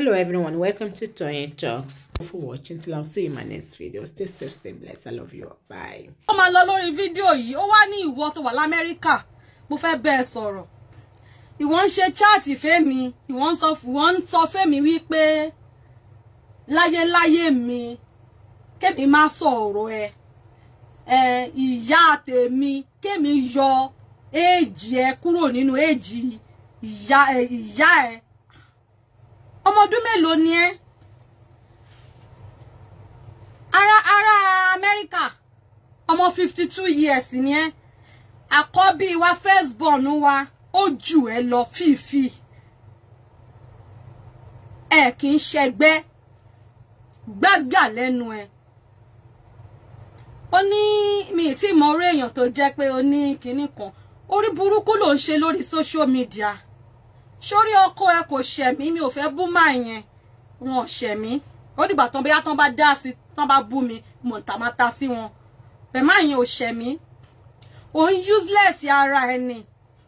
hello everyone welcome to Toyeen Talks Thank you for watching till I see you in my next video stay safe stay blessed i love you bye. ó máa lọ lórí fídíò yìí ó wá ní ìwọ tó wà lamẹ́ríkà mo fẹ́ bẹ́ẹ̀ sọ̀rọ̀ ìwọ ń ṣe chaati fẹ́mi ìwọ ń sọ fẹ́mi wípé láyéláyé mi kémi má sọ̀rọ̀ ẹ ìyá tèmi kémi yọ éèjì ẹ kúrò nínú éèjì ìyá ẹ ọmọ ọdún mélòó ni ẹ́ ara ara Amẹ́ríkà ọmọ fifty two years ni ẹ́ àkọ́bí wa first born wa ó jù ẹ́ lọ fífi ẹ kì í ṣẹgbẹ́ gbágbà lẹ́nu ẹ̀ ó ní mi ì tí mọ orí èèyàn tó jẹ́ pé ó ní kinní kan orí burúkú ló ń ṣe lórí social media sórí ọkọ ẹ kò ṣẹ̀mí mi ò fẹ́ bú máa yẹn wọn ò ṣẹ̀mí ó dìgbà tán bóyá tán bá dá sí tán bá bú mi mò ń tà ta sí wọn bẹ́ẹ̀ máa yẹn ò ṣẹ̀mí òun useless ara ẹni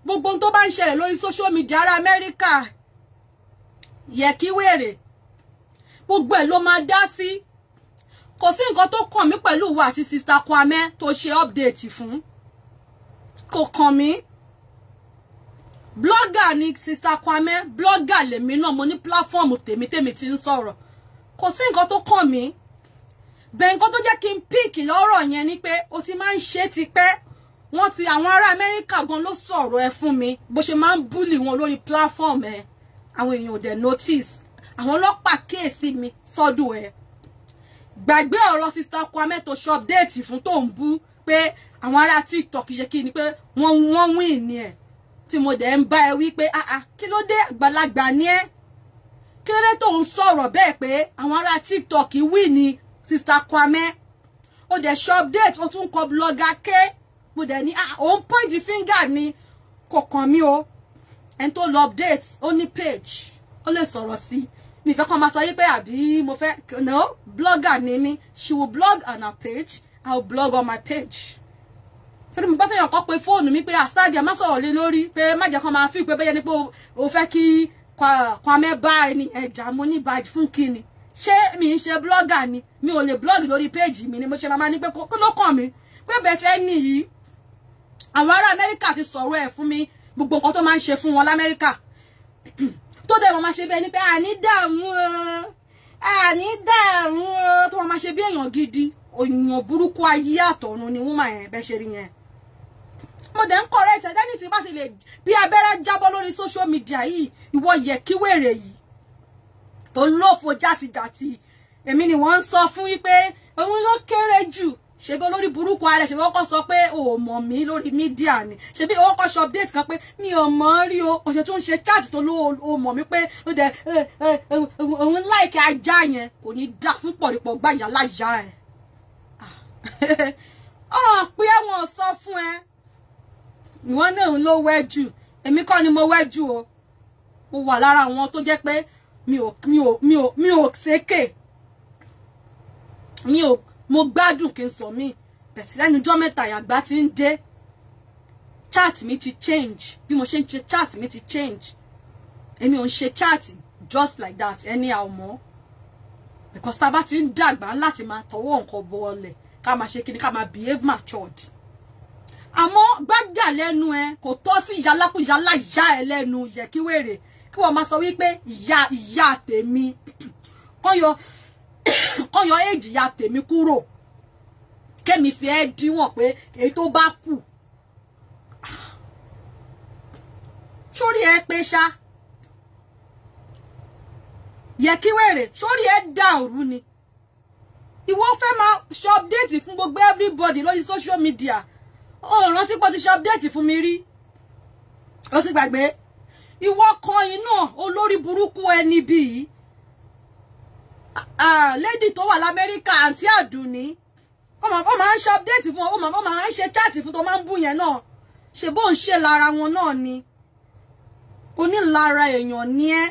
gbogbo ohun tó bá ń ṣẹlẹ̀ lórí social media ara Amẹ́ríkà yẹ kí wèrè gbogbo ẹ̀ ló máa dá sí kò sí nǹkan tó kàn mí pẹ̀lú ìwà àti sista Kwame tó ṣe update fún kò kàn mí blogger ni sister Kwame blogger lèmi náà mo ní pláfọ́ọ̀mù tèmi tèmi ti ń sọ̀rọ̀ kò sí nǹkan tó kàn mí bẹ́ẹ̀ nǹkan tó jẹ́ kí n píìkì lọ́rọ̀ yẹn ni pé o ti máa ń ṣe tipẹ́ wọ́n ti àwọn ará Amẹ́ríkà gan ló sọ̀rọ̀ ẹ fún mi bó ṣe máa ń búlì wọn lórí platform ẹ àwọn èèyàn ò dẹ̀ notice àwọn ọlọ́pàá kíyèsí mi sọ́dọ̀ ẹ gbàgbé ọ̀rọ̀ sister Kwame tó ṣọ́pdéètì fún tó ń bú pé àwọn ará TikTok ṣe kí ni pé wọ́n wọ́n wí ní ẹ̀ tí mo dẹ̀ ń bá ẹ wí pé ah ah kí ló dé àgbàlagbà ni ẹ́ kí ló dé tó ń sọ̀rọ̀ bẹ́ẹ̀ pé àwọn ará tiktok wí ni sista kwame ó dẹ̀ ṣe update ó tún kọ blogger ké mo dẹ̀ ní ah òun point finger mi kò kàn mí o ẹni tó lọ update ó ní page ó lè sọ̀rọ̀ sí i mi fẹ́ kọ́ máa sọ yí pé àbí mo fẹ́ no blogger ni mi she will blog on her page i will blog on my page sórí mo gbọ́ tẹ̀yàn kan pe fóònù mi pé àsítáàdì ah, ẹ̀ má sọ̀rọ̀ lé lórí pé má jẹ́ kan máa fi pé bẹ́yẹ ni pé o fẹ́ kí Kwame bá ẹni ẹ̀jà mo ní bàjẹ́ fún kíni ṣé mi ń ṣe blọ́gà ni mi ò lè blọ́ọ̀gì lórí péèjì mi ni mo ṣe máa ní pé kó ló kàn mí pé bẹ̀tẹ̀ ẹni yìí àwọn ará Amẹ́ríkà ti sọ̀rọ̀ ẹ̀ fún mi gbogbo nǹkan tó máa ń ṣe fún wọn l'Amẹ́ríkà tó dẹ̀ wọ́n máa ṣe bí ẹni pé àní dààmú o àní dààmú o tó wọ́n máa ṣe bí èèyàn gidi òyìnbó burúkú ayé àtọ̀run ni wọ́n máa ẹ̀ bẹ́ ṣe rí yẹn mo dẹ̀ ń correct ẹ̀dẹ́ni tí bá ti lè bí abẹ́rẹ́ jábọ́ lórí social media yìí ìwọ yẹ kí wèrè yìí tó ń lòfo játijàti èmi ni wọ́n ń sọ fún yí pé òun ló kéré jù ṣebí olórí burúkú ààrẹ ṣebí ọkọ sọ pé o ò mọ̀ mí lórí mídíà ni ṣebí ọkọ ṣe update kan pé mi ò mọ̀ rí o ọṣẹ tó ń ṣe chat tó ló o mọ̀ mí pé ó dẹ òun láìkẹ ajá yẹn kò ní dá fún pọ̀rìpọ̀ gbá ìyá láyà ẹ̀ ọ̀pẹ́ ah. wọn sọ fún ẹ ìwọ́n náà ń ló wẹ́ jù èmi kọ́ ni mo wẹ́ jù o mo wà lára àwọn tó jẹ́ pé mi ò mi ò mi ò mi ò sékè mi ò mo gbádùn kí n sọ mí bẹ̀tì lẹ́nu ọjọ́ mẹ́ta ìyàgbá ti ń dé chat mi ti change bí mo ṣe ń ṣe chat mi ti change èmi ò ń ṣe chat just like that anyhow mọ́ because tá a bá ti ń dàgbà láti máa tọwọ́ nǹkan bọ́ ọlẹ̀ ká máa ṣe kí ni ká máa behave matured àmọ́ gbájà lẹ́nu ẹ kò tọ́ sí ìyálákúyálá ìyá ẹ lẹ́nu yẹ kí wèrè kí wọ́n máa sọ wípé ìyá ìyá tèmi kọ́yọ kọ́yọ éèjì ìyá tèmi kúrò kémi fi ẹ́ díwọ̀n pé èyí tó bá kù sórí ẹ pé ṣá yẹ kí wèrè sórí ẹ dà òru ni ìwọ fẹ́ máa ṣe update fún gbogbo everybody lórí social media o rántí pọ́ ti ṣe update fún mi rí o ti gbàgbé ìwọ kan iná olórí burúkú ẹni bíi lady tó wà lamẹ́ríkà àǹtí àdùnní ó máa ń ṣe update fún ọ ó máa ń ṣe chat fún tó máa ń bù yẹn náà ṣe bó ń ṣe lára wọn náà ni kò ní lára èèyàn ní ẹ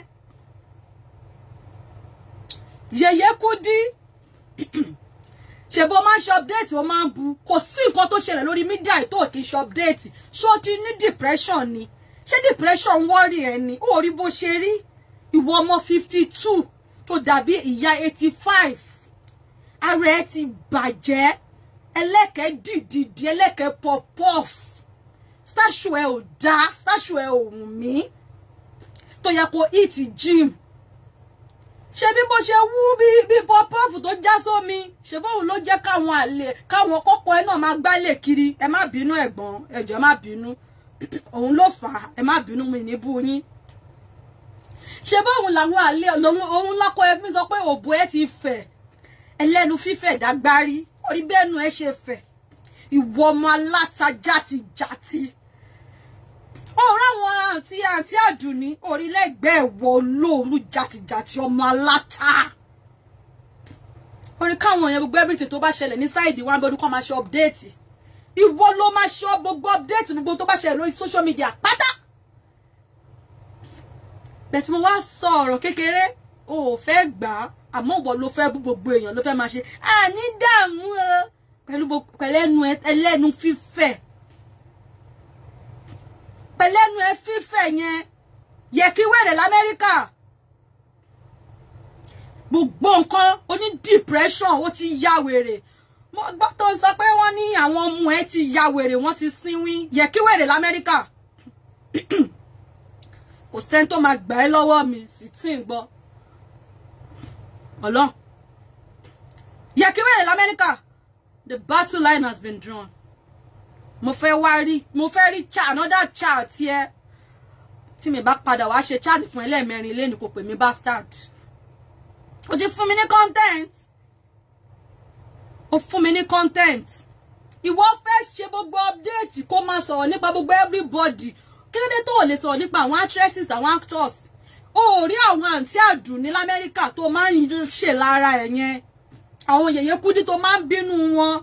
yẹyẹ kú ṣèbó máa ń ṣe update ó máa ń bu kò sí nǹkan tó ṣẹlẹ̀ lórí mídíà tó kì ṣe update ṣó ti ní depression ni ṣé depression ń wọ́ọ̀rì ẹ̀ ni ó rí bó ṣe rí ìwọ ọmọ fifty two tó dàbí ìyá eighty five ara ẹ ti bàjẹ́ ẹlẹ́kẹ̀ẹ́ dìdìdì ẹlẹ́kẹ̀ẹ́ pọ̀pọ̀f statue ẹ ò dáa statue ẹ ò wù mí tó yẹ kó eat gym ṣe bí bó ṣe wú bí bí pọpọ́ọ̀fù tó já sómi ṣe bóun ló jẹ́ káwọn àlè káwọn kọ́kọ́ ẹ náà máa gbálẹ̀ kiri ẹ má bínú ẹ̀gbọ́n ẹ̀jọ̀ má bínú òun ló fà á ẹ má bínú mi ní bú yín ṣe bóun làwọn àlè òun lọ́kọ ẹbí sọ pé òbó ẹ ti fẹ̀ ẹlẹ́nu fífẹ̀ dágbárí orí bẹ́ẹ̀ nu ẹ ṣe fẹ̀ ìwọ ọmọ ọ̀rọ̀ àwọn àti àti àdùnní orílẹ̀-ègbè ẹ̀wọ̀ olóòlù jàtìjàtì ọmọ aláta orí káwọn èèyàn gbogbo everything tó bá ṣẹlẹ̀ ní sáìdì wa gbọdún kan máa ṣe update ìwọ ló máa ṣe gbogbo update gbogbo tó bá ṣẹlẹ̀ lórí social media pátá bẹ̀tí mo wá sọ ọ̀rọ̀ kékeré o ò fẹ́ gbà á àmọ́ ìwọ ló fẹ́ bú gbogbo èèyàn ló fẹ́ máa ṣe àní dààmú o pẹ̀lú ẹlẹ́nu fífẹ̀ pẹ̀lẹ́nu ẹ fífẹ̀ yẹn yẹ kí wẹ̀rẹ̀ lamẹ́ríkà gbogbo nǹkan oní depression ó ti ya wèrè mo gbọ́ tó ń sọ pé wọ́n ní àwọn ọmọ ti ya wèrè wọ́n ti sínwín yẹ kí wẹ̀rẹ̀ lamẹ́ríkà kò sẹ́ni tó máa gbà ẹ́ lọ́wọ́ mi sì tí ń gbọ́ ọlọ́run yẹ kí wẹ̀rẹ̀ the battle line has been drawn mo fẹ́ wá rí mo fẹ́ rí cha another cha tí ẹ tí mi bá padà wá ṣe chat fún ẹlẹ́mẹrin lẹ́nu kò pè mí bastard ó ti fún mi ní content ó fún mi ní content ìwọ fẹ́ ṣe gbogbo update kó máa sọ̀rọ̀ nípa gbogbo everybody kí ló dé tó lè sọ̀rọ̀ nípa àwọn actresses àwọn actors ó rí àwọn àǹtí àdùn ní America. To máa ń ṣe lára ẹ̀ yẹn àwọn yèyé kúdí tó máa ń bínú wọn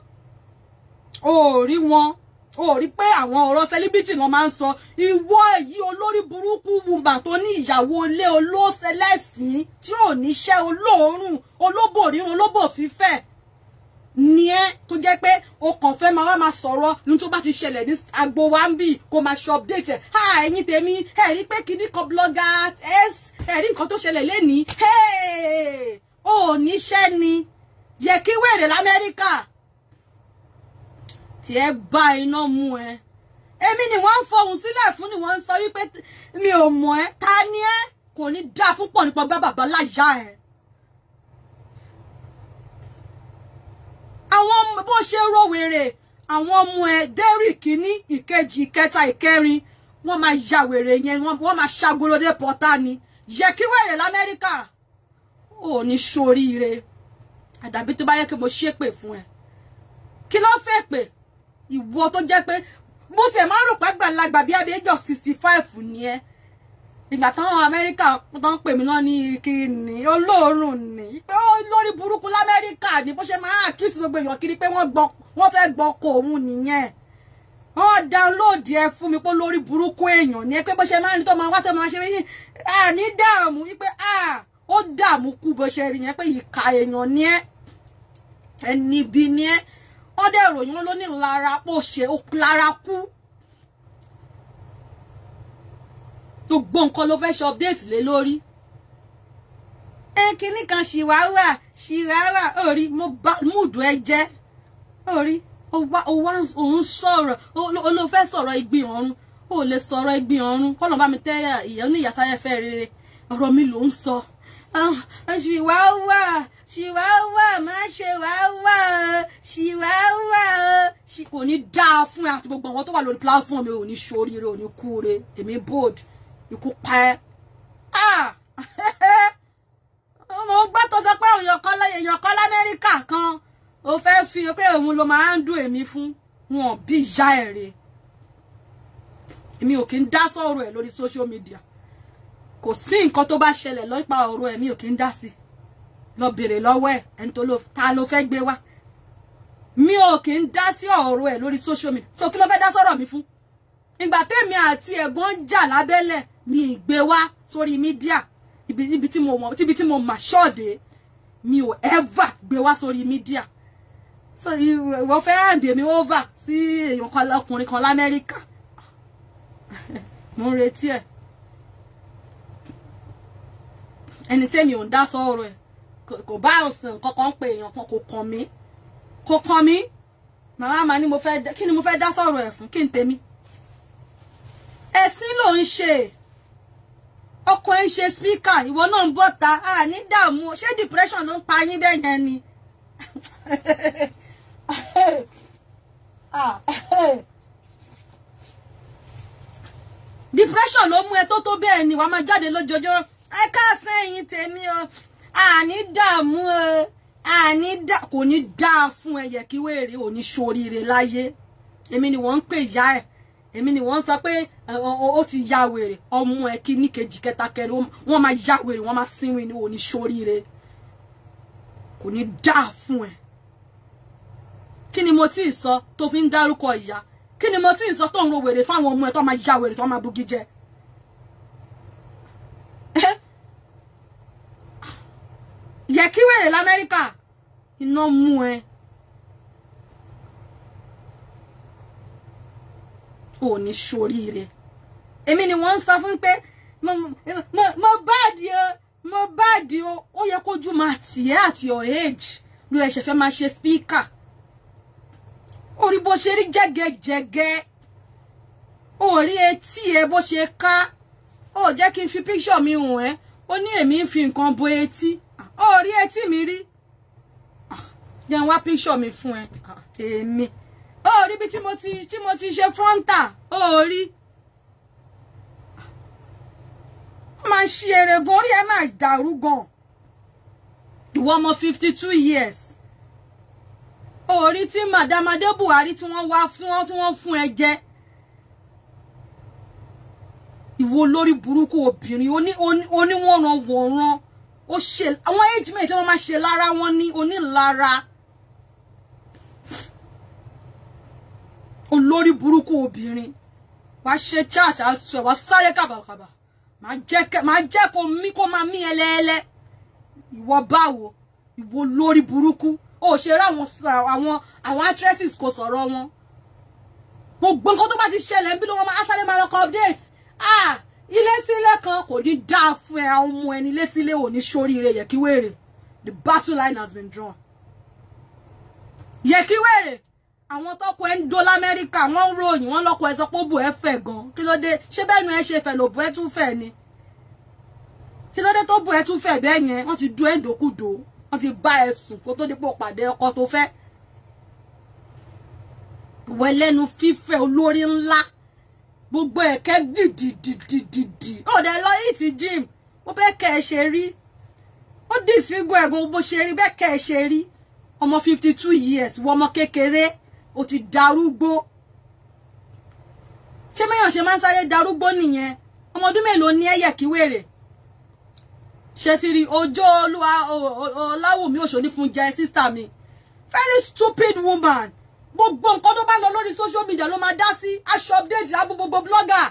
ó rí wọn ò rí pé àwọn ọ̀rọ̀ celebrity náà máa ń sọ ìwọ èyí olórí burúkú wùmà tó ní ìyàwó ilé olóṣẹlẹ̀sìn tí ò níṣẹ́ olóòórùn olóbò rírun olóbò fífẹ̀ ni ẹ tó jẹ́ pé o kàn fẹ́ máa wá máa sọ̀rọ̀ ní tó bá ti ṣẹlẹ̀ ní agbo wa ń bì kó máa ṣe update ẹ̀ ha ẹ̀yin tèmi ẹ̀ rí pé kinní kan blogger ẹ̀ rí nǹkan tó ṣẹlẹ̀ lénìí ò níṣẹ́ ni yẹ kí wèrè lamẹ́ríkà tí e bá iná mu e, èmi ni wọ́n ń fohùn sílẹ̀ fún ni wọ́n ń sọ wípé mi ò mọ̀ e ta ni ẹ́ kò ní dáa fún pọ̀ nípa bá bàbá láyà ẹ̀. àwọn bó ṣe rò wèrè àwọn ọmọ ẹ dẹ́rì kínní ìkejì ìkẹta ìkẹrin wọ́n máa ya wèrè yẹn wọ́n máa ṣàgolódé pọ́tà ni yẹ kí wèrè lamẹ́ríkà ò ní ṣoríire àdàbí tó bá yẹ kí mo ṣépè fún ẹ kí ló fẹ́ pè ìwọ tó jẹ́ pé mo tiẹ̀ máa ń rò pé àgbàlagbà bí abẹ́jọ́ sixty five ni ẹ́ ìgbà táwọn amẹ́ríkà tó ń pè mí lọ́ní kìíní olóòórùn ni pé ó lórí burúkú lamẹ́ríkà ni bó ṣe máa àkíyèsí gbogbo èèyàn kiri pé wọ́n fẹ́ gbọ́kọ̀ òun nìyẹn wọ́n download ẹ fún mi pé lórí burúkú èèyàn ni ẹ pé bó ṣe máa ń tó máa wá tó máa ṣe yín àní dààmú wípé ó dààmú kú bó ṣe rí yẹn pé ìka èèyàn ni ẹ ẹni ibi ni ẹ wọ́n dẹ̀ ròyìn wọn ló ní lára pò ṣe ó lára kú gbogbo nǹkan ló fẹ́ ṣe update lé lórí ẹ kinní kan ṣìwáwà ṣìwáwà orí mo bá múùdù ẹ jẹ́ orí òun sọ̀rọ̀ olófẹ́ sọ̀rọ̀ igbin ọ̀run ó lè sọ̀rọ̀ igbin ọ̀run kọ́nà bá mi tẹ́ ìyá oníyàsáyẹ́fẹ́ rere ọ̀rọ̀ mi ló ń sọ ah, ṣìwáwà ṣìwáwá má ṣe wáwá o ṣìwáwá o ṣì kò ní dáa fún ẹ àti gbogbo àwọn tó wà lórí platform mi ò ní ṣoríire ò ní kúure èmi bold ikú pa ẹ. ọmọ ọgbọ́n tó sọ pé èèyàn kọ́ lamẹ́ríkà kan ó fẹ́ fi pé òun ló máa ń dùn èmi fún wọn bí ìyá ẹ̀ rè èmi ò kí ń dá sọ̀rọ̀ ẹ̀ lórí social media kò sí nǹkan tó bá ṣẹlẹ̀ lọ́pàá ọ̀rọ̀ ẹ̀ mi ò kí ń dá sí i lọ bèrè lọ́wọ́ ẹ̀ ẹni tó ta ló fẹ́ gbé wá mi ò kì í dá sí ọ̀rọ̀ ẹ̀ lórí social media so kí ló fẹ́ dá sọ̀rọ̀ mi fún ìgbà tèmi àti ẹ̀gbọ́n ń jà lábẹ́lẹ̀ mi ì gbé wá sórí mídíà ibi tí mo mọ̀ tíbi tí mo mà ṣọ́ọ̀dẹ̀ mi ò ever gbé wá sórí mídíà so ìwọ fẹ́ hand mi over sí èèyàn kan ọkùnrin kan lamẹ́ríkà mo ń retí ẹ̀ ẹni tèmi ò ń dá sọ̀rọ̀ ẹ̀ kò bá ọ̀sán kankan pé èèyàn kan kò kàn mí kò kàn mí màmá ma ni mo fẹ́ kí mo fẹ́ dá sọ̀rọ̀ ẹ̀ fún kí n tèmi ẹ̀sìn ló ń ṣe ọkọ ẹ̀ ń ṣe a ní dààmú ṣé depression ló ń pa yín bẹ́ẹ̀ yẹn ni depression ló mú ẹ tó tó bẹ́ẹ̀ ni wàá máa jáde lójoojúmọ́ ẹ káàsán ẹ̀yìn tèmi o àní dààmú ẹ àní dà kò ní dáa fún ẹ yẹ kí wèrè ò ní ṣoríire láyé èmi ni wọ́n ń pè ìyá ẹ̀ èmi ni wọ́n sọ pé ó ti ya wèrè ọmọ ẹ kí ní kejì kẹta kẹrin wọ́n máa ya wèrè wọ́n máa sinwin ni ò ní ṣoríire kò ní dáa fún ẹ kí ni mo tí ì sọ tó fi ń dárúkọ ìyá kí ni mo tí ì sọ tó ń ro wèrè fáwọn ọmọ ẹ tó máa ya wèrè tó máa bugi jẹ wèrè l'Amẹ́ríkà iná mú ẹ ò ní ṣoríire èmi ni wọ́n ń sọ fún pé mo báàdì o mo báàdì o ó yẹ kójú máa tì ẹ́ àti your age ló ẹ̀ṣẹ̀ fẹ́ máa ṣe spíkà orí bó ṣe rí jẹ́gẹ́jẹ́gẹ́ orí etí ẹ bó ṣe ká ó jẹ́ kí n fi píṣọ̀ mi hùn ẹ́ ó ní èmi ń fi nǹkan bo etí ó rí etí mi rí ah, jẹun wá píṣọ mi fún ẹ ah, èmi ó rí bí tí mo ti tí mo ti ṣe fọ́ńtà ó rí ó máa ń ṣe eré gan orí ẹ máa dàrú gan ìwọ ọmọ fifty two years orí tí madam adé buhari tí wọ́n wá fún wọn tí wọ́n fún ẹ jẹ ìwọ lórí burúkú obìnrin oníwọ̀nranwọ̀nran ó ṣe àwọn age mate wọ́n máa ṣe lára wọn Lara. onílara olórí Buruku, obìnrin wàá ṣe chat àṣọ ẹ̀ wàá sáré kàbàkàbà màá jẹ́ kó mí kó máa mí ẹlẹ́ẹ̀lẹ́ ìwọ báwo ìwọ lórí burúkú ó ṣe rá àwọn àwọn àwọn actresses kò sọ̀rọ̀ wọn gbogbo nǹkan tó bá ti ṣẹlẹ̀ ń bí ló wọ́n máa sáré máa lọ kọ update ah ilé sílé kan kò ní dáa fún ẹ ọmọ ẹni ilé sílé ò ní ṣoríire yẹ̀kíwèrè the battle line has been drawn yẹ̀kíwèrè àwọn tọkọ ẹ ń do lamẹ́ríkà wọ́n ń ròyìn wọ́n lọ́kọ ẹ sọ pé ó bù ẹ fẹ̀ gan kí ló dé ṣé bẹ́ẹ̀ nu ẹ ṣe fẹ̀ ló bù ẹ tún fẹ̀ ni kí ló dé tó bù ẹ tún fẹ̀ bẹ́ẹ̀ yẹn wọ́n ti du ẹ ńdòkúdò wọ́n ti bá ẹ sùn kó tó dípò pàdé ọkọ tó fẹ́ wẹ̀lẹ́nu fífẹ́ olórí ńlá gbogbo ẹ̀kẹ́ dìdìdìdìdì ó dẹ̀ lọ ìtì gym ó bẹ́ẹ̀ kẹ́ ẹ ṣe rí ó disfigure ẹ̀gbọ́n bó ṣe rí bẹ́ẹ̀ kẹ́ ẹ ṣe rí ọmọ fifty two years wọ ọmọ kékeré ó ti darúgbó ṣé mẹ́yàn ṣe máa ń sáré darúgbó nìyẹn ọmọ ọdún mélòó ní ẹ̀yẹ̀ kí wèrè ṣe ti rí ọjọ́ olúwa ọláwùmí òṣòní fún jẹ́ sísá mi very stupid woman gbogbo nǹkan tó bá lọ lórí social media ló máa dá sí aṣọ update abu gbogbo blogger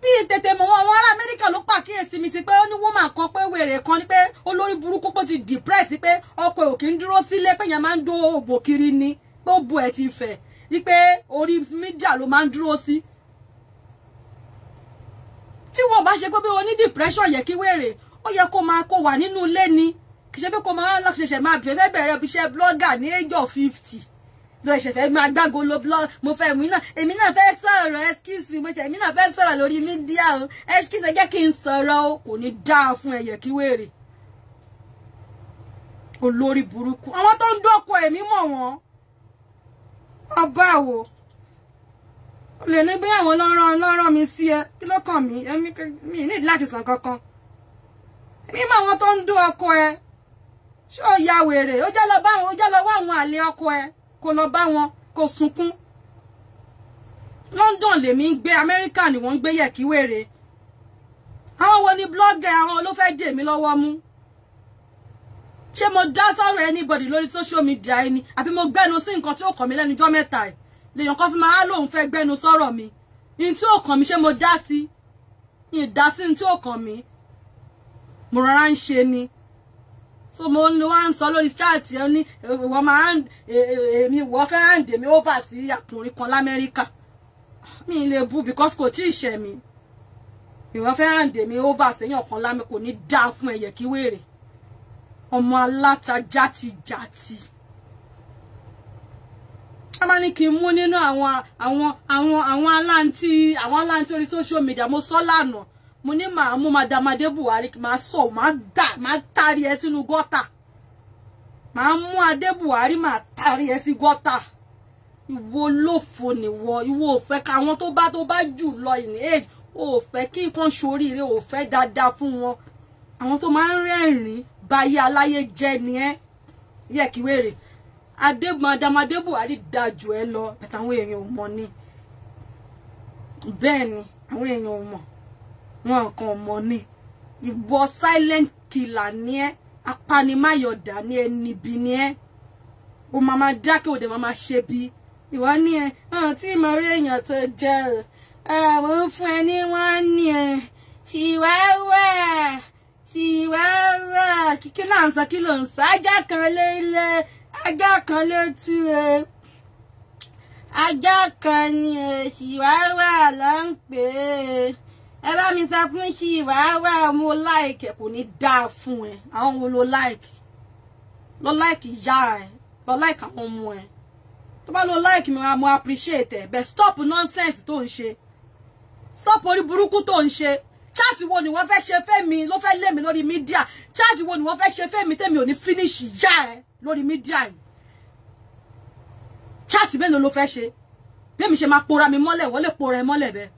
bí tètè mọ̀ wọn àwọn ará amẹ́ríkà ló pàkíyèsí mi sí pé ó ní woman kan pé wèrè kan ni pé olórí burúkú pé ti depress pé ọkọ ò kí ń dúró sílé pé yẹn máa ń dó òbò kiri ni pé ó bu ẹ̀ ti fẹ̀ wípé orí mídíà ló máa ń dúró sí tí wọn bá ṣe pé bí o depression yẹ kí wèrè ó yẹ kó máa kó wà nínú ilé ni kì í ṣe pé kó máa lọ ṣẹ̀ṣẹ̀ máa bẹ̀rẹ̀ bẹ̀rẹ̀ iṣẹ́ blogger ní age of fifty lọ ẹsẹ fẹ́ máa gbágo lo blọ mo fẹ́ mú iná èmi náà fẹ́ sọ̀rọ̀ excuse me mo jẹ èmi náà fẹ́ sọ̀rọ̀ lórí mídíà o excuse ẹ jẹ́ kí n sọ̀rọ̀ o kò ní dáa fún ẹyẹ kí wèrè olórí burúkú àwọn tó ń dóko èmi mọ̀ wọ́n ọba wo lè ní bí àwọn lọ́rán lọ́rán mi sí ẹ kí ló kàn mí èmi mi nídìí láti sàn kankan èmi mọ̀ àwọn tó ń dó ọkọ ẹ ṣé ó ya wèrè ó jẹ́ lọ bá àwọn ó jẹ́ lọ wá àwọn àlè ọkọ ẹ kó lọ bá wọn kó sunkún London lèmi ń gbé Amẹ́ríkà ni wọ́n ń gbé yẹ̀kíwèrè àwọn wo ni blogger àwọn ló fẹ́ dè mí lọ́wọ́ mú ṣé mo dá sọ̀rọ̀ anybody lórí social media ẹni àbí mo gbẹ́nu sí nǹkan tí ó kàn mí lẹ́nu jọ́ mẹ́ta ẹ̀ lèèyàn kan fi máa lóun fẹ́ gbẹ́nu sọ̀rọ̀ mi ní tí ó kàn mí ṣé mo dá sí ní ìdásí ní tí ó kàn mí mo rọra ń ṣe ni so mo ń wá ń sọ lórí chaati ẹ ní wọ́n máa ń èmi wọ́n fẹ́ hàn dèmi over sí àkùnrin kan lamẹ́ríkà mi lè bu because kò tí ì ṣẹ̀ mi ìwọ́n fẹ́ hàn dèmi over sẹ́yìn ọ̀kan lámẹ́ kò ní dáa fún ẹ̀yẹ kí wèrè ọmọ aláta játijàti a máa ní kí n mú nínú àwọn àwọn àwọn àwọn aláǹtí àwọn aláǹtí orí social media mo sọ lánàá mo ní màá mú madam adé buhari màá sọ màá dà màá tari ẹ sínú gọ́tà màá mú adé buhari màá tari ẹ sí gọ́tà ìwọ lófo nìwọ ìwọ ò fẹ́ ká àwọn tó bá tó bá jù lọ in age ò fẹ́ kí nǹkan ṣoríire ò fẹ́ dáadáa fún wọn àwọn tó máa ń rẹ́rìn-ín báyé aláyé jẹ́ ni ẹ́ yẹ kí wèrè adé madam adé buhari dáa jù ẹ lọ bàtà àwọn èèyàn ò mọ̀ ni bẹ́ẹ̀ ni àwọn èèyàn ò wọn kàn mọ̀ ni ìwọ silent killer ni ẹ́ apanimáyọ̀dà ni ẹ́ níbi ni ẹ́ o máa máa dákẹ́ òde máa máa ṣe bí ìwọ ni ẹ hàn tí mo rí èèyàn tó jẹ ọ àwọn fún ẹ ní wọn ní ẹ tìwẹ́wẹ́ tìwẹ́wẹ́ kíkí náà ń sọ kí ló ń sọ ajá kan lé ilé ajá kan ló tú ẹ ajá kan ni ẹ tìwẹ́wẹ́ ló ń pè é ẹ bá mi sẹkún ṣí ìwà ẹwà mo láìkì kò ní dáa fún ẹ àwọn wo lo láìkì lo láìkì ìyá ẹ lo láìkì àwọn ọmọ ẹ tó bá lo láìkì mi mo appreciate ẹ bẹ stop nonsense tó ń ṣe stop orí burúkú tó ń ṣe chaati wo ni wọ́n fẹ́ ṣe fẹ́ mi ló fẹ́ lé mi lórí mídíà chaati wo ni wọ́n fẹ́ ṣe fẹ́ mi tèmi ò ní finish ìyá ẹ lórí mídíà yìí chaati mélòó ló fẹ́ ṣe bí èmi ṣe máa pora mi mọ́lẹ̀ wọ́n lè pora ẹ mọ́lẹ̀ bẹ́ẹ̀.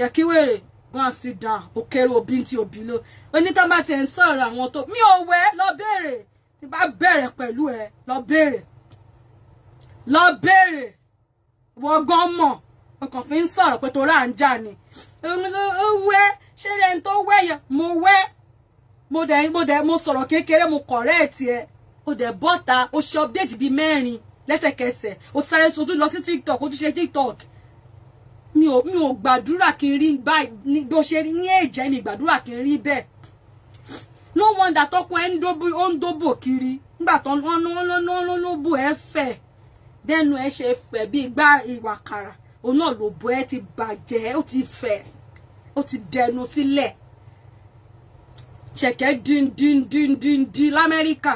Yakiwere go and sit down òkèrè òbí ti òbí ló onítọ́ bá ti ń sọ̀rọ̀ àwọn tó mi ò wẹ́ lọ béèrè tí bá bẹ̀rẹ̀ pẹ̀lú ẹ lọ béèrè lọ béèrè wọ́gán mọ̀ ọkàn fi ń sọ̀rọ̀ pé torá à ń jà ni ó wẹ́ ṣé rẹ̀ ń tó wẹ́ yẹn mo wẹ́ mo de mo de mo sọ̀rọ̀ kékeré mo kọ̀rẹ́ ẹ̀ o de bọ́ta o ṣe update bíi mẹ́rin kese. o sáré sodún lọ si tiktok o tún ṣe tiktok mi ò mi ò gbàdúrà kí n rí báyìí bó ṣe ní èjẹ mi gbàdúrà kí n rí bẹ́ẹ̀ no wonder tọkọ ẹ ń dóbò ó ń dóbò kiri nígbà tó ń lọ́nà ẹ fẹ̀ dẹ́nu ẹ ṣe fẹ̀ bíi gbá ìwàkàrà òun náà ló bọ́ ẹ ti bàjẹ́ ó ti fẹ̀ ó ti dẹnu sílẹ̀ ṣẹ̀kẹ́ díndíndíndíndí lamẹ́ríkà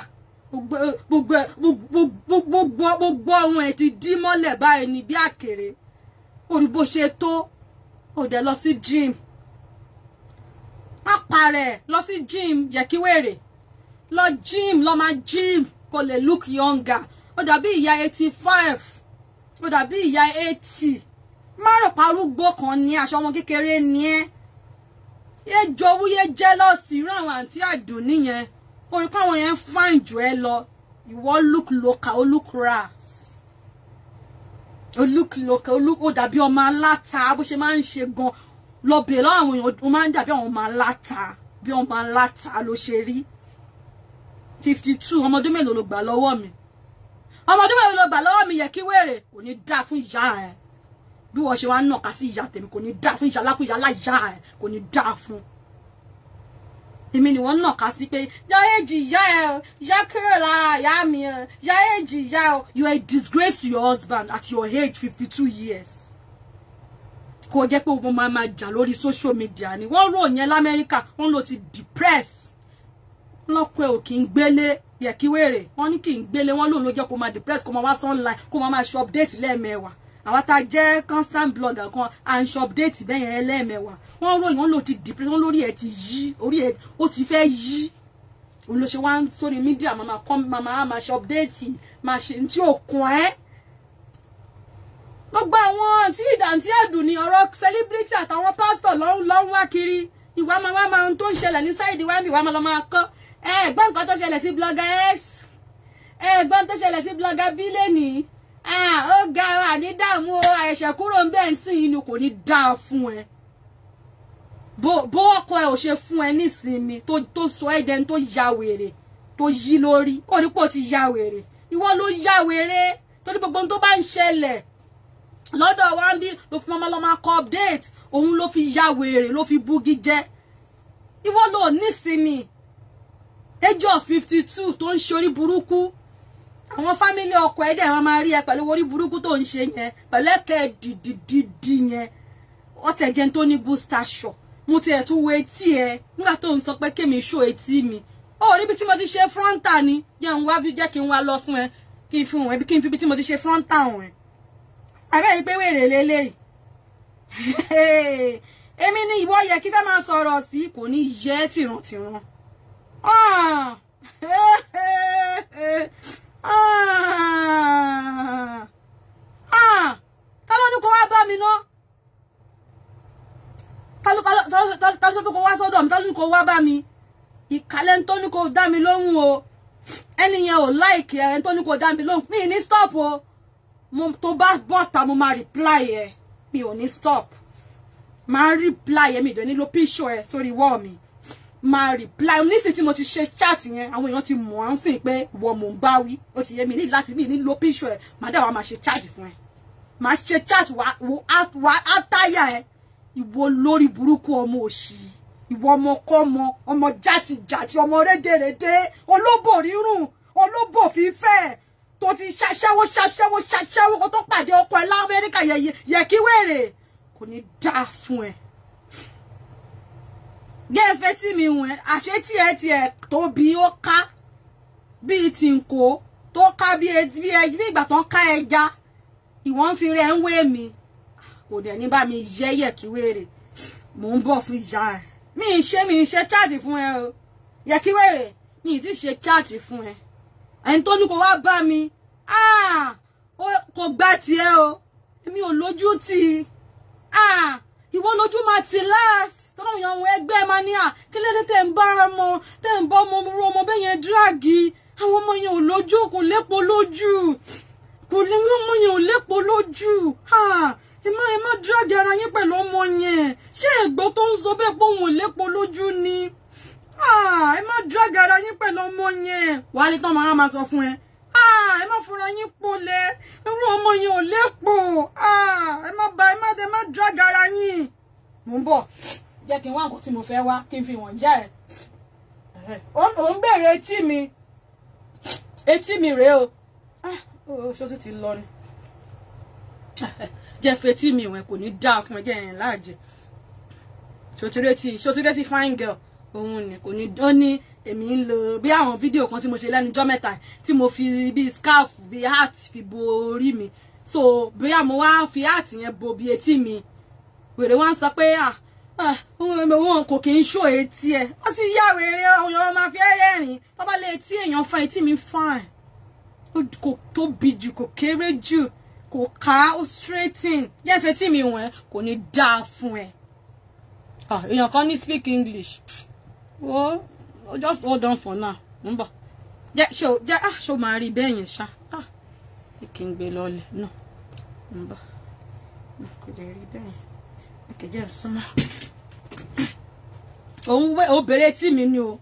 gbogbo gbogbo gbogbo gbogbo ohun ẹ̀ ti dí mọ́lẹ̀ báyìí ní bí àkèrè orí bó ṣe tó ó dẹ̀ lọ sí gym pápá rẹ̀ lọ sí gym yẹ̀kíwèrè lọ gym lọ máa gym kó lè look younger ó dàbí ìyá eighty five ó dàbí ìyá eighty má rò parúgbó kan ní aṣọ ọmọ kékeré ni ẹ yé jowú yé jẹ́lọ́sì irú àwọn àǹtí àdùn nìyẹn orí káwọn yẹn fáìn jù ẹ lọ ìwọ look local ó look rass olúkìlọkẹ ó dàbí ọmọ aláta bó ṣe máa ń ṣe gan lọbẹ lọ àwọn èèyàn ó máa ń dàbí àwọn ọmọ aláta bí ọmọ aláta ló ṣe rí fifty two ọmọ ọdún mélòó ló gbà lọ́wọ́ mi ọmọ ọdún mélòó ló gbà lọ́wọ́ mi yẹ kí wèrè kò ní dáa fún ìyá ẹ bí wọ́n ṣe wá ń nàka sí ìyá tèmi kò ní dáa fún ìyá alákùn ìyá ẹ kò ní dáa fún èmi ni wọ́n ń nàka sí pé yá èjì yá ẹ o yá kúrò lára ìyá mi o yá èjì yá o you are a disgrace to your husband at your age fifty two years kò jẹ́ pé mo máa máa jà lórí social media ni wọ́n rò yẹn lamẹ́ríkà wọ́n lò ti depress lọ́pẹ́ ò kì í gbélé yẹ̀kíwèrè wọ́n ní kì í gbélé wọ́n lòun ló jẹ́ kó máa depress kó máa wá online kó máa máa ṣe update lẹ́ẹ̀mẹ́wàá àwa tá a jẹ́ constant blogger kan à ń ṣọpdéètì bẹ́yẹn ẹlẹ́ẹ̀mẹwàá wọ́n ròyìn wọ́n lò ti depression lórí ẹ̀ ti yí orí ẹ̀ ó ti fẹ́ yí òun ló ṣe wá sórí mídíà màmá kọ́ màmá máa ṣọpdéètì máa ṣe ní tí ò kún ẹ́ gbogbo àwọn àǹtí ìdàǹtí ẹ̀dùn ni ọ̀rọ̀ celebrity àtàwọn pásítọ̀ lọ́n wá kiri ìwà máa wá máa ohun tó ń ṣẹlẹ̀ ní sáìdì wá mi ìwà máa lọ máa kọ́ ẹ gbọ́ nǹkan tó ṣẹlẹ̀ sí blogger s ẹ gbọ́ nǹkan tó ṣẹlẹ̀ sí blogger b lẹ́nìí ó ga ọ àní dààmú o ẹ̀ṣẹ̀ kúrò ń bẹ́ẹ̀ sìn inú kò ní dáa fún ẹ bó ọkọ ẹ ò ṣe fún ẹ nísinmi tó sọ ẹ dẹni tó ya wèrè tó yí lórí ó ní pò ti ya wèrè ìwọ ló ya wèrè torí gbogbo tó bá ń ṣẹlẹ̀ lọ́dọ̀ wa ń bí ló fi mọ́mọ́ lọ́mọ́ update òun ló fi ya wèrè ló fi búgi jẹ́ ìwọ ló nísinmi ẹjọ́ fifty two tó ń ṣorí burúkú àwọn fámílì ọkọ ẹ dẹ̀ wọ́n máa rí ẹ pẹ̀lú orí burúkú tó ń ṣe yẹn pẹ̀lú ẹ̀kẹ́ dìdìdìdì yẹn ọ̀tẹ̀jẹ̀ tó ní gustacho mo ti ẹ̀ tún wo etí ẹ nígbà tó ń sọ pé kémi ṣó etí mi ó rí ibi tí mo ti ṣe frontal ni jẹ́ ń wá bí jẹ́ kí n wá lọ fún ẹ kí n fi hàn ẹ bí kí n fi ibi tí mo ti ṣe frontal hàn ẹ àbẹ́ yìí pé wèrè lélẹ́yìí èmi ni ìwọ yẹ kí fẹ́ máa sọ̀rọ̀ sí kò ní yẹ tìrantìran. Ah! ta ló ní kó wá bá Kalau kalau, kalau ló sọ pé kó wá sọ́dọ̀ mi apa ló ní kó wá bá mi ìkàlẹ̀ tó ní kó dá mi lóhùn o ẹni yẹn ò láìkì ẹ̀ tó ní kó stop o mo tó bá bọ́ta mo máa reply ẹ mi ò stop máa reply ẹ mi ìdẹ́ni lo píṣọ ẹ sorry wọ́ọ̀ mi máa reply nísìnyí tí mo ti ṣe chat yẹn àwọn èèyàn ti mọ̀ án sìn pé ìwọ mò ń bá wí ó ti yé mi ní láti mí ní lo píṣọ ẹ màá dà wá máa ṣe chat fún ẹ màá ṣe chat wá á táyà ẹ ìwọ lórí burúkú ọmọ òṣì ìwọ ọmọ kọ́mọ ọmọ játijàti ọmọ rédèrèdè olóbò rírùn olóbò fífẹ́ tó ti ṣaṣẹ́wó ṣaṣẹ́wó ṣaṣẹ́wó kó tó pàdé ọkọ ẹ lámẹ́ríkà yẹ kí wèrè kò ní dáa fún ẹ jẹ́ ìfẹ́ tí mi wọ̀n ẹ́ àṣé tí ẹ tiẹ̀ tóbi ó ká bíi ti ń kó tó ká bí e, e, ìgbà tó ká ẹja ìwọ̀n fi rẹ̀ ń wé mi kò dẹ̀ ní bá mi yẹ́yẹ̀ kí wéèrè mò ń bọ̀ fún ìyá ẹ̀ mi ì ṣe mi ì ṣe chaati fún ẹ o yẹ kí wéèrè mi ì ti ṣe chaati fún ẹ ẹni tó ní kó wá bá mi ah! kò gbá tiẹ̀ o èmi ò lójú tì í. Ah! ìwọ lójú máa ti last tọ́lọ́run yan ohun ẹgbẹ́ máa ní à kí lédè tẹ̀ ń bá ọmọ tẹ̀ ń bá ọmọ ru ọmọ bẹ́ẹ̀ yẹn dírágì àwọn ọmọ yẹn ò lójú kò lépo lójú kò lè wọ́n ọmọ yẹn ò lépo lójú ẹ má ẹ má dírágì ara yín pẹ̀lú ọmọ yẹn ṣé ẹ̀gbọ́n tó ń sọ bẹ́ẹ̀ pé òun ò lépo lójú ni ẹ má dírágì ara yín pẹ̀lú ọmọ yẹn wàá rí tán màá máa sọ fún ẹ ẹ má fura yín polẹ̀ irú ọmọ yẹn ò lépo ẹ má ba ẹ má ń bọ̀ jẹ́ kí n wá nǹkan tí mo fẹ́ wá kí n fi wọ̀n já ẹ̀ ò ń béèrè etí mi etí mi rèé o ṣó ah, tún ti lọ ni jẹ́ fetí mi ìwọ̀n kò ní dáa fún ẹ jẹ́ ẹ̀yìn láàjẹ́ ṣòtúrẹ́tì ṣòtúrẹ́tì fine girl òun ni kò ní ó ní èmi ń lo bí àwọn fídíò kan tí mo ṣe lẹ́nujọ́ mẹ́ta tí mo fi bí scarf bí hat fi bo orí mi so bóyá mo wá fi hat yẹn bo bí etí mi wèrè wá ń sọ pé à ah, ah, wọn kò kí n ṣó etí ẹ wọn sì yá wèrè ọyàn ọmọ máa fi rẹ́rìn tó bá lè etí èèyàn fa etí mi fine kò tóbi jù kò kéré jù kò ká ó straighten jẹ́ fẹ́ tí mi wọ̀n ẹ́ kò ní dáa fún ẹ. Ah, èèyàn kan ní speak English wo oh, just hold on for now mo ń bọ̀ jẹ́ ṣe o jẹ́ ah ṣe o máa rí bẹ́ẹ̀ yẹn ṣá ah kí n gbé lọ́ọ̀lẹ̀ náà mo ń bọ̀ hmm, kò lè rí bẹ́ẹ̀ yẹn ìkẹjẹ súnmọ́ òun wẹ obìnrin tí mi ni o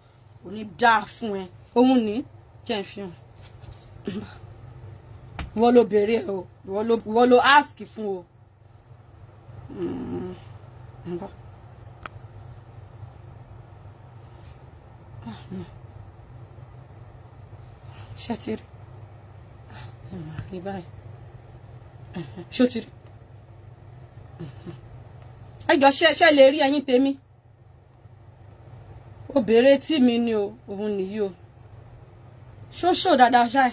kò ní dáa fún ẹ òun ní jẹ́ ń fi hàn ìwọ ló béèrè o ìwọ ló ask fún o. Hmm. Ah, hmm. ṣé ti rí ah, rí báyìí ṣó ti rí ẹjọ ṣẹṣẹ lè rí ẹyin tèmi obìnrin tí mi ni o òun nìyí o ṣóṣó dáadáa ṣáì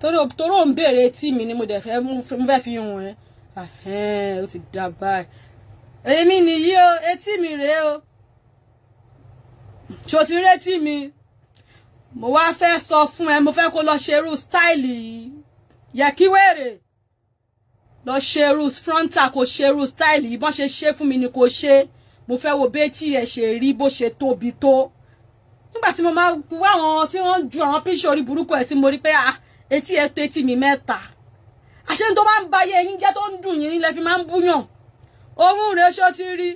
torí torí òun béèrè tí mi ni mo dẹ̀ fẹ́ mo fẹ́ fi hùn ẹ́ ó ti dá báyìí èmi nìyí o etí mi rèé o ṣó rétí mi mo wá fẹ́ sọ fún ẹ mo fẹ́ kó lọ ṣerú stáìlì yẹ kí wèrè lọ ṣe irú frontal kò ṣe irú style yìí bọ́n ṣe ṣe fún mi ni kò ṣe mo fẹ́ wo béètì ẹ̀ ṣe rí bó ṣe tóbi tó nígbà tí mo máa wá àwọn tí wọ́n ju àwọn píṣọ orí burúkú ẹ̀ tí mo rí pé ah etí ẹ̀ tó etí mi mẹ́ta àṣẹ tó máa ń ba ayé yín jẹ́ tó ń dùn yín nílẹ̀ máa ń búyàn ohun rẹ̀ ṣó rí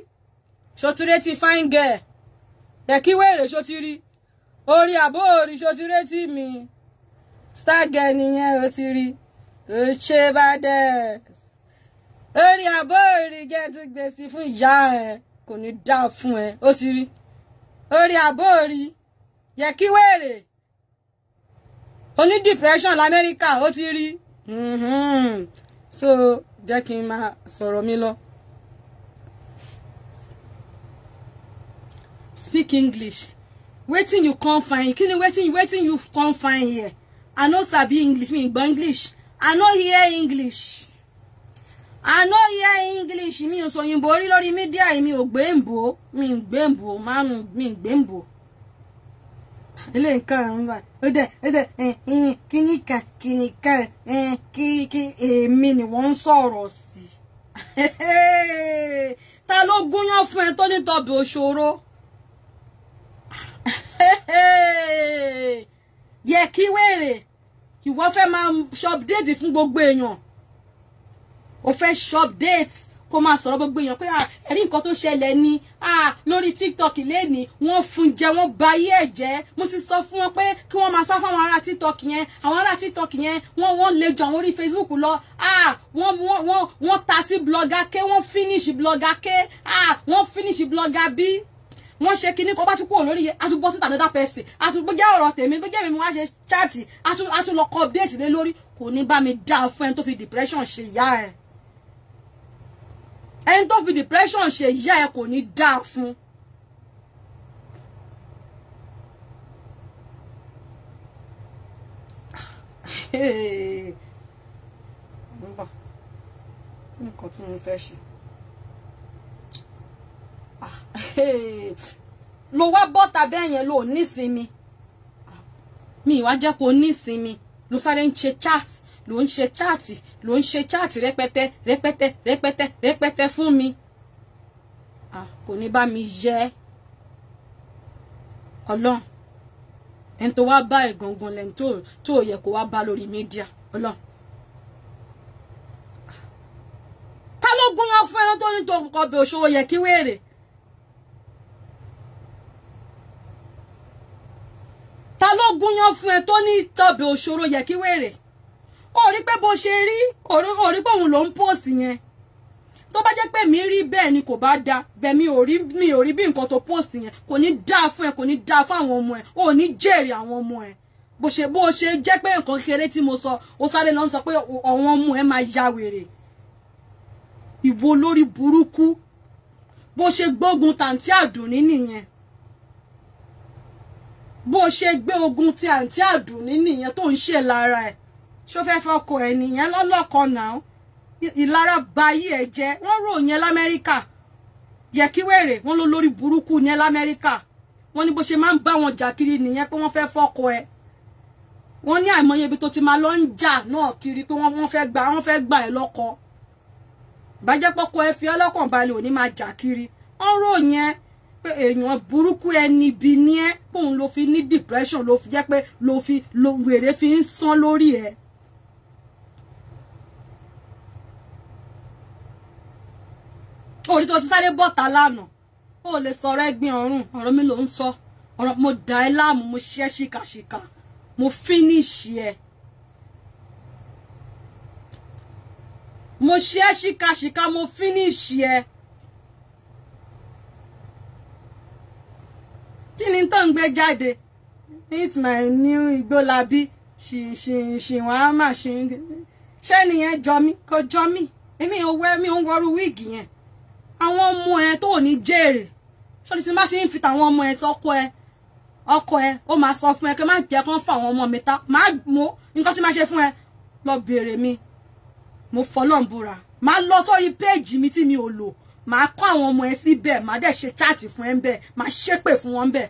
ṣó rí ti fine girl ẹ̀kíwé rẹ̀ ṣó ti rí orí àbó orí ṣó rí ti mi star girl nìyẹn ó ti rí ṣé bá dẹ̀ orí àbọ̀ orí gẹ́tù gbèsè fún ìyá ẹ kò ní dáa fún ẹ ó ti rí orí àbọ̀ orí yẹ kí wèrè oní depression lamẹ́ríkà ó ti rí mm-hmm. so jẹ́ kí n máa sọ̀rọ̀ mi lọ. speak english wetin you come find kí ni wetin you wetin you come find here i no sabi english mi gbọ́ english i no hear english. I no hear English mi ò sọ òyìnbó rí lórí mídíà mi ò gbé ń bò ó mi ń gbé ń bò ó márùn mi ń gbé ń bò ó. ilé nǹkan ọ̀hún wa ó dẹ̀ ó dẹ̀ kíníkà eh, eh, kíníkà eh, kí èmi ni wọ́n ń sọ̀rọ̀ sí i. ta ló gúnyán fún ẹ tó ní tọbẹ̀ òṣòro. yẹ kí wèrè ìwọ fẹ́ máa ṣọ́pdéètì fún gbogbo èèyàn o fẹ́ shop date kó máa sọ̀rọ̀ gbogbo èèyàn pé ah, ẹ̀rí nǹkan tó ṣẹlẹ̀ ni ah, lórí tiktok lẹ́ni wọ́n fún jẹ wọ́n ba ayé ẹ̀ jẹ́ mo ti sọ fún wọn pé kí wọ́n máa sá fáwọn ará tiktok yẹn àwọn ará tiktok yẹn wọ́n wọ́n lè jọ àwọn orí facebook lọ ah, wọ́n wọ́n wọ́n ta sí blogger k wọ́n finish blogger k wọ́n finish blogger b wọ́n ṣe kinní kó bá tún kúrò lórí àtúbọ̀ síta another person àtúbọ̀ jẹ́ ọ̀rọ̀ tèmi tó jẹ́ mi mo wá ṣe chaati àtúlọ̀kọ̀ update lé lórí kò ní bá mi dáa fún ẹni tó fi depression ṣe ìyá ẹ̀ ẹni tó fi depression ṣe ìyá ẹ kò ní dáa fún. nígbà nǹkan tí mo fẹ́ ṣe lo wá bọ́ta bẹ́ẹ̀ yẹn lo nísinmi mi ìwà jẹ́ kó nísinmi lo sáré ń ṣe chat ló ń ṣe chaati ló ń ṣe chaati rẹpẹtẹ rẹpẹtẹ rẹpẹtẹ rẹpẹtẹ fún mi ah kò ní bá mi yẹ Ọlọ́run ẹni tó wá bá ẹ gangan lẹni tó tó yẹ kó wá bá lórí mídíà Ọlọ́run ta ló gún yan fún ẹ tó ní tó kọbẹ òṣòwò yẹ kí wéèrè. ta ló gúnyán fún ẹ tó ní tọbẹ òṣòro yẹ kí wèrè ó rí pé bó ṣe rí ó rí pé òun ló ń pòsì yẹn tó bá jẹ́ pé mi rí bẹ́ẹ̀ ni kò bá da bẹ́ẹ̀ mi ò rí mi ò rí bí nǹkan tó pòsì yẹn kò ní dáa fún ẹ kò ní dáa fún àwọn ọmọ ẹ ò ní jèrè àwọn ọmọ ẹ bó ṣe bó ṣe jẹ́ pé nǹkan kéré tí mo sọ ó sáré lọ sọ pé àwọn ọmọ ẹ máa ya wèrè ìwo lórí burúkú bó ṣe gbógun tàǹtí àdùnní nìyẹn bó ṣe gbé ogun ti àǹtí àdùnní nìyẹn tó ń ṣe lára ẹ̀ ṣó fẹ́ fọkọ ẹ̀ nìyẹn lọ́lọ́kọ náà ìlara bayé ẹ̀ jẹ́ wọ́n rò yẹn lamẹ́ríkà yẹ̀kíwèrè wọ́n ló lórí burúkú yẹn lamẹ́ríkà wọ́n ní bó ṣe máa ń bá wọn jà kiri nìyẹn pé wọ́n fẹ́ fọkọ ẹ̀ wọ́n ní àìmọye ibi tó ti máa lọ ń jà náà kiri pé wọ́n fẹ́ gbà wọ́n fẹ́ gbà ẹ̀ lọ́kọ bàjẹ́ pọ́kọ ẹ fi ọlọ́kàn balẹ̀ òní máa jà kiri wọ́n rò yẹn pé èèyàn burúkú ẹni bí ní ẹ pòun ló fi ní depression ló fi jẹ́ pé ló fi wèrè fi ń sán lórí ẹ̀. orí tó ti sáré bọ́ta lánàá ó lè sọ̀rọ̀ ẹgbin ọ̀run ọ̀rọ̀ mi ló ń sọ ọ̀rọ̀ mo dà ẹ́ láàmú mo ṣiṣẹ́ ṣìkàṣìkà mo fínísì ẹ̀ mo ṣiṣẹ́ ṣìkàṣìkà mo fínísì ẹ̀ kí ni tó ń gbé jáde it's my new igbólábí ṣìṣìṣìwọ̀n á mà ṣe ṣé nìyẹn jọ mí kò jọ mí èmi ò wẹ́ mi ò ń wọrú wíìgì yẹn àwọn ọmọ ẹ tó ò ní jèrè sọ́ni tí má ti ń fi tàwọn ọmọ ẹ sọ́kọ ẹ ọkọ ẹ ó máa sọ fún ẹ kí má jẹ́ kán fún àwọn ọmọ mi ta má mo nǹkan tí má ṣe fún ẹ lọ béèrè mi mo fọlọ́ǹbùra má lọ sórí péèjì mi tí mi ò lò màá kọ́ àwọn ọmọ ẹ síbẹ̀ màá dẹ̀ ṣe chaati fún ẹ ń bẹ̀ màá ṣépè fún wọn bẹ̀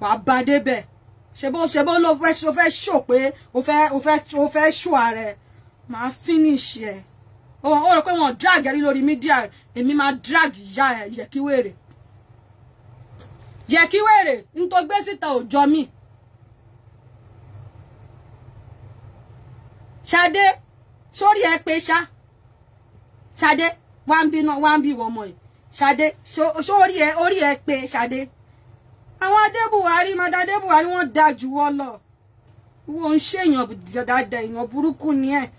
wàá bá dé bẹ̀ ṣebó ṣebó ló fẹ́ ṣó pé o fẹ́ o fẹ́ ṣó ààrẹ màá finish ẹ̀. o o ro pe won drag ari lori media emi ma drag ya ye ki were ye ki were n to gbe sita ojo mi sade sori e pe Sha. Shade, wa wan bi no wan bi wo mo sade sori e ori e pe Shade. awon adebuwari ma da adebuwari won da ju wo lo wo n se eyan da da eyan e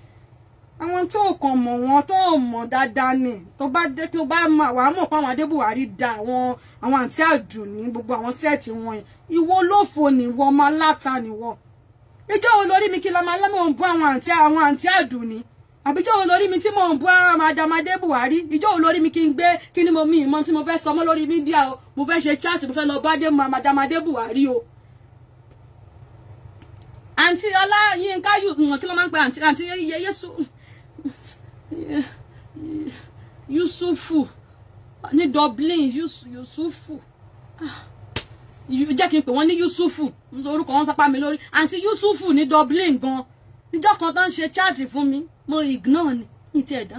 àwọn tó kàn mọ̀ wọn tó mọ̀ dáadáa ni tó bá dé tó bá mọ̀ wàá mọ̀ pé àwọn adébùwárí da àwọn àwọn àǹtí àdùnní gbogbo àwọn sẹ́ẹ̀tì wọn ìwọ lófo nìwọ ọmọ aláta nìwọ ìjọ wo lórí mi kí lọ máa lọ́mọ̀ ń bú àwọn àǹtí àwọn àǹtí àdùnní àbíjọ wo lórí mi tí mò ń bú madam adébùwárí ìjọ wo lórí mi kí n gbé kí ni mo mi ìmọ̀ tí mo fẹ́ sọmọ lórí mídíà o mo fẹ́ ṣe chaati mo fẹ́ lọ bá dé madam adébùwárí o àǹtí ọlá yínká kí ló máa ń pè àǹtí yéyésù yusufu ní dublin yusufu ah. jẹ́ kí n pè wọ́n ní yusufu orúkọ wọn sápá mi lórí àǹtí yusufu ní dublin gan níjọ́ kan tó ń ṣe chaati fún mi mo ignore ni ní ti ẹ̀dá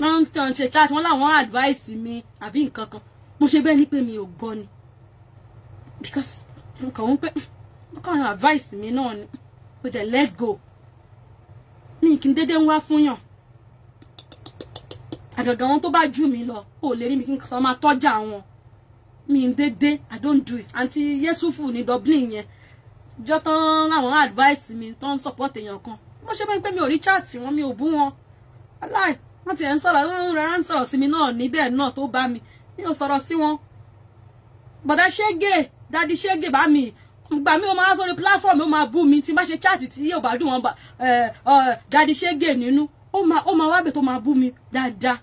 wọ́n tó ń ṣe chaati wọ́n láwọn advice mi àbí nǹkan kan mo ṣe bẹ́ẹ̀ ni pé mi ò gbọ́ ni because mo kàn wọ́n pé mo kàn wọ́n advice mi náà ni mo dẹ̀ let go ní kí n dédé ń wá fún yàn àgàgà wọn tó bá jù mí lọ ò lè rí mi kí n sọ máa tọ́jà mi ń i don't do it àǹtí yéṣùfù ní dublin yẹn jọ tán láwọn advice mi tó support èèyàn kan mo ṣe pé mi ò rí chat wọn mi ò bú wọn aláì wọn ti ẹ̀ ń sọ̀rọ̀ wọn rárá ń sọ̀rọ̀ sí mi náà níbẹ̀ náà tó bá mi mi ò sọ̀rọ̀ sí wọn bọ̀dá ṣégè dádì ṣégè bá mi gbà mí o máa sórí platform o máa bú mi tí n bá ṣe chat tí yóò bá dùn wọn dádì ṣégè nínú ó máa wábẹ̀ tó máa bú mi dáadáa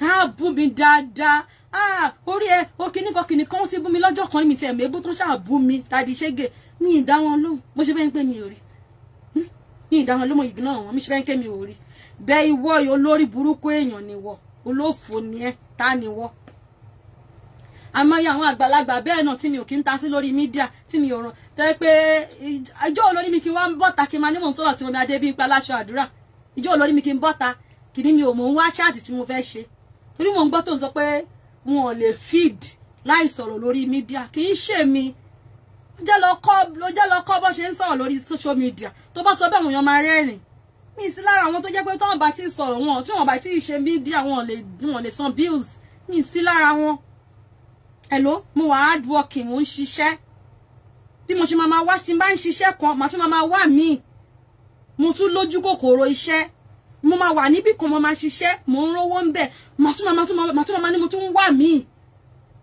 á bú mi dáadáa á orí ẹ o kìíní kan kìíní kan ó ti bú mi lọ́jọ́ kan mi tiẹ̀ mébú tó ṣáà bú mi tàdí ṣége mi ì dá wọn lóhùn mo ṣe bẹ́ẹ̀ ń pè mí ò rí hmm? mi ì dá wọn lóhùn mo ignore wọn mi ṣe bẹ́ẹ̀ ń pè mí ò rí bẹ́ẹ̀ ìwọ yìí olórí burúkú èèyàn ni wọ olófò ni ẹ ta ni wọ àmọye àwọn àgbàlagbà bẹ́ẹ̀ náà tí mi ò kí ń ta sí lórí mídíà tí mi ò ràn tẹ́ pé ìjọ olórí mi kí wá ń bọ́ta kí n máa ní mò ń sọ̀rọ̀ tí mo ní adé bí ń pa láṣọ àdúrà ìjọ olórí mi kí n bọ́ta kì ní mi ò mò ń wá chat tí mo fẹ́ ṣe torí mò ń gbọ́ tó ń sọ pé wọn ò lè feed láì sọ̀rọ̀ lórí mídíà kì í ṣe mi jẹ́ lọ kọ́ ló jẹ́ lọ kọ́ bó ṣe ń sọ̀rọ̀ lórí social media tó bá sọ bẹ́ẹ̀ àwọn èèyàn máa rẹ́rìn mi sí lára àwọn tó jẹ́ pé tọ́wọ́n bá ti sọ̀rọ̀ wọn tí wọ́n bá ti ṣe mídíà wọn lè lè san bills mi sí lára wọn hello mo wà hard working mo ń ṣiṣẹ́ bí mo ṣe máa wá ṣe bá ń ṣiṣẹ́ kan màá tún máa wá míì mo tún lójú kòkòrò iṣẹ́ mo máa wà níbì kan mo máa ṣiṣẹ́ mo ń rówó ń bẹ̀ màtúmọ̀ màtúmọ̀ màtúmọ̀ máa ní mo tún wà míì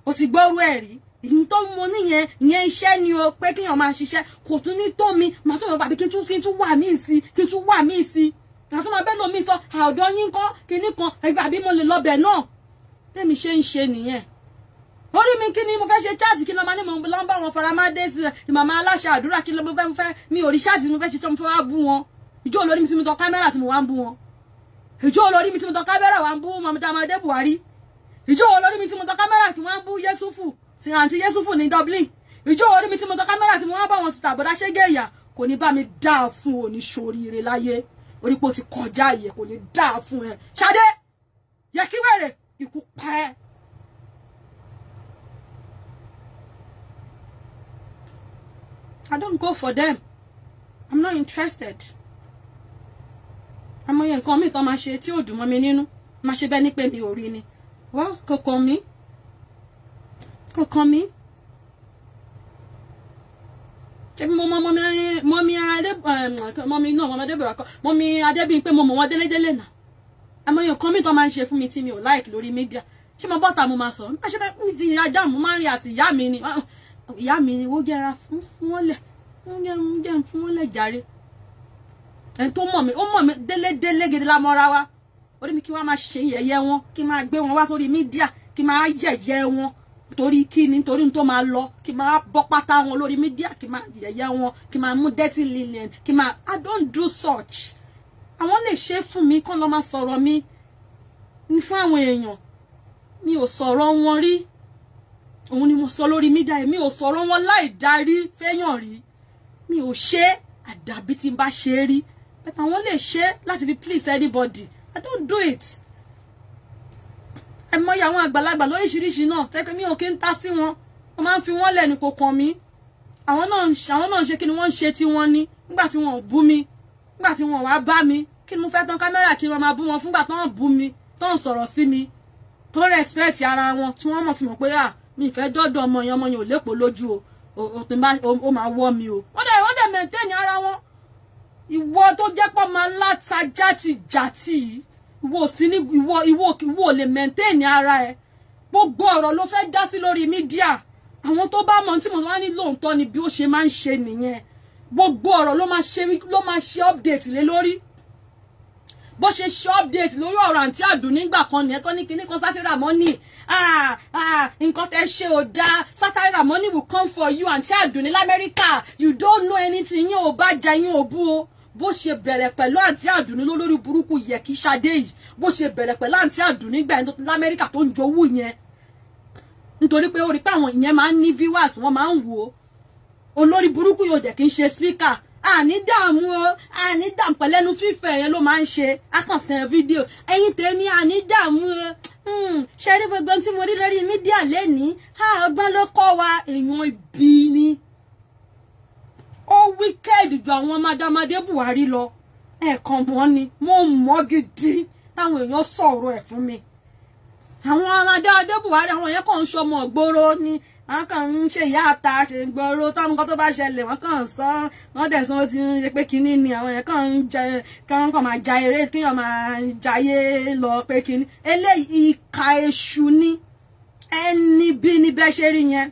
o ti gbọ́rú ẹ̀ rí ìyìn tó mo níyẹn ìyẹn iṣẹ́ ni o pé kíyàn máa ṣiṣẹ́ kò tún ní tó mi màá tún mọ̀ bàbí kí n tún kí n tún wà míì sí kí n tún wà míì sí màá bẹ́ẹ̀ lómi sọ àọ̀dọ́ yín kọ́ kinní kan ẹgbẹ́ àbí mo lè lọ́bẹ̀ náà bẹ́ẹ̀mi ṣe ń ṣe nìyẹn orí mi kí ni mo fẹ́ ṣe chaati kí ló máa ní mo lọ ń bá wọn fara máa dé sí màmá aláṣẹ àdúrà kí ló mo fẹ́ mi ò rí chaati mo fẹ́ ṣe tó mo fẹ́ wá bú wọn ìjọ olórí mi ti mi tọ kámẹ́rà tí mo wá ń bú wọn ìjọ olórí mi tí mo tọ kámẹ́rà wa ń bú mọ̀mọ́tà ọmọdé Buhari ìjọ olórí mi tí mo tọ kámẹ́rà tí wọ́n bú Yẹ́sùfù sí àǹtí Yẹ́sùfù ní Dublin ìjọ olórí mi tí mo tọ kámẹ́rà tí wọ́n bá wọn sita àbọ̀dá ṣẹ́gẹ́ ìyà kò ní bá mi dáa fún òní ṣoríire láyé orípo ti kọjá ìyẹ kò ní dáa fún ẹ Ṣadé yẹ kí wèrè ikú pa I don't go for them. I'm not interested amọ̀yẹ nǹkan mi kan máa ṣe tí ò dùn mọ́ mi nínú máa ṣe bẹ́ẹ̀ ni pé mi ò rí ni wá kò kàn mí kò kàn mí. ṣebí mo mọ mọmi adé mọmi náà mọmi adébọ̀rà kan mọmi adébíyìn pé mo mọ̀ wọ́n délédélé náà amọ̀yẹ nǹkan mi kan máa ń ṣe fún mi tí mi ò láìkì lórí mídíà ṣé mo bọ́ta mo máa sọ máa ṣe bẹ́ẹ̀ mi ti ajá mo máa ń rí àsì ìyá mi ni ìyá mi ni wọ́n gẹ́ra fún wọn lẹ̀ wọ́n gẹ́ fún wọn lẹ̀ jàre ẹni tó mọ̀ mí ó mọ̀ mí délédélé gidi la mọ́ra wa orí mi kí wọ́n máa ṣe yẹ̀yẹ́ wọn kí máa gbé wọn wá sórí mídíà kí máa yẹ̀yẹ́ wọn torí kí ni torí tó máa lọ kí máa bọ́ pátá wọn lórí mídíà kí máa yẹ̀yẹ́ wọn kí máa mú dirty linen kí máa I don't do such àwọn lè ṣe fún mi kán lọ máa sọ̀rọ̀ mi ní fún àwọn èèyàn mi ò sọ̀rọ̀ wọn rí òun ni mo sọ lórí mídíà mi ò sọ̀rọ̀ wọn láì darí fẹ́yàn rí mi ò ṣe àdàbí tí n bá ṣe rí but I won't lè ṣe láti be pleased anybody i don't do it I'm àwọn àgbàlagbà lóríṣiríṣi náà tẹ́kẹ́ mi ò kí ń ta sí wọn wọ́n máa ń fi wọ́n lẹ́nu kò kàn mí àwọn náà àwọn náà ṣe kí ni wọ́n ń ṣe tí wọ́n ní nígbà tí wọ́n ò bú mi nígbà tí wọ́n wá bá mi kí ni mo fẹ́ tán kámẹ́rà kí wọ́n máa bú wọn fúngbà tán bú mi tán sọ̀rọ̀ sí mi tó respect ara wọn tí wọ́n mọ̀ ti mọ̀ pé à ah, mi ìfẹ́ dọ́dọ̀ ọmọ yẹn ọmọ yẹn o lépo lójú o o máa wọ́ mi o wọ́n dẹ̀ wọ́n dẹ̀ maintain ara wọn ìwọ tó jẹ́ pọ́ máa látajá ti jàtì ìwọ sí ní ìwọ ìwọ ìwọ lè maintain ara ẹ gbogbo ọ̀rọ̀ ló fẹ́ dá sí lórí mídíà àwọn tó bá mọ̀ tí mo máa ní lóòótọ́ ni bí ó ṣe máa ń ṣe nìyẹn gbogbo ọ̀rọ̀ ló máa ṣe ló máa ṣe update lé lórí bó ṣe ṣe update lórí ọ̀rọ̀ àǹtí àdùn nígbà kan nìyẹn tó ní kinní kan Sátírì Ràmọ́nì ah, ah, nǹkan tẹ́ ṣe ò dáa Sátírì Ràmọ́nì will come for you àǹtí àdùn ní l'Amẹ́ríkà you don't know anything yín ò bá jẹ yín ò bú o bó ṣe bẹ̀rẹ̀ pẹ̀lú àǹtí àdùnní lólórí burúkú yẹ kí ṣadé yìí bó ṣe bẹ̀rẹ̀ pẹ̀lú àǹtí àdùnní gbà ẹni tó lamẹ́ríkà tó ń jowú yẹn nítorí pé ó rí pé àwọn ìyẹn máa ń ní viewers wọ́n máa ń wò ó olórí burúkú yóò dẹ̀ kí n ṣe speaker àní dààmú o àní dààmú pẹ̀lẹ́nu fífẹ̀ yẹn ló máa ń ṣe akànfẹ́ fídíò ẹ̀yin tèmi àní dààmú o hmm. ṣe rí gbogbo tí mo rí lórí mídíà lẹ́nìí ọgbọ́n ló kọ́ wa èèyàn ibi ni ó wíkẹ́ẹ̀dì ju àwọn mádàmádé Buhari lọ ẹ̀ẹ̀kan mọ́ ni mo mọ́ gidi táwọn èèyàn sọ̀rọ̀ ẹ̀ fún mi àwọn mádàmádé Buhari àwọn yẹn kàn ń ṣọmọ gbòòrò ni wọn kàn ń ṣe ìyá ata ṣe ń gbòòrò táwọn kan tó bá ṣẹlẹ̀ wọn kàn ń sọ wọn dẹ̀ sọ ti ń ṣe pé kinní ni àwọn yẹn kàn ń jẹ kàn kàn máa ja eré kí wọn máa jayé lọ pé kinní eléyìí ìka èṣù ni ẹni bí ni bẹ́ẹ̀ ṣe rí yẹn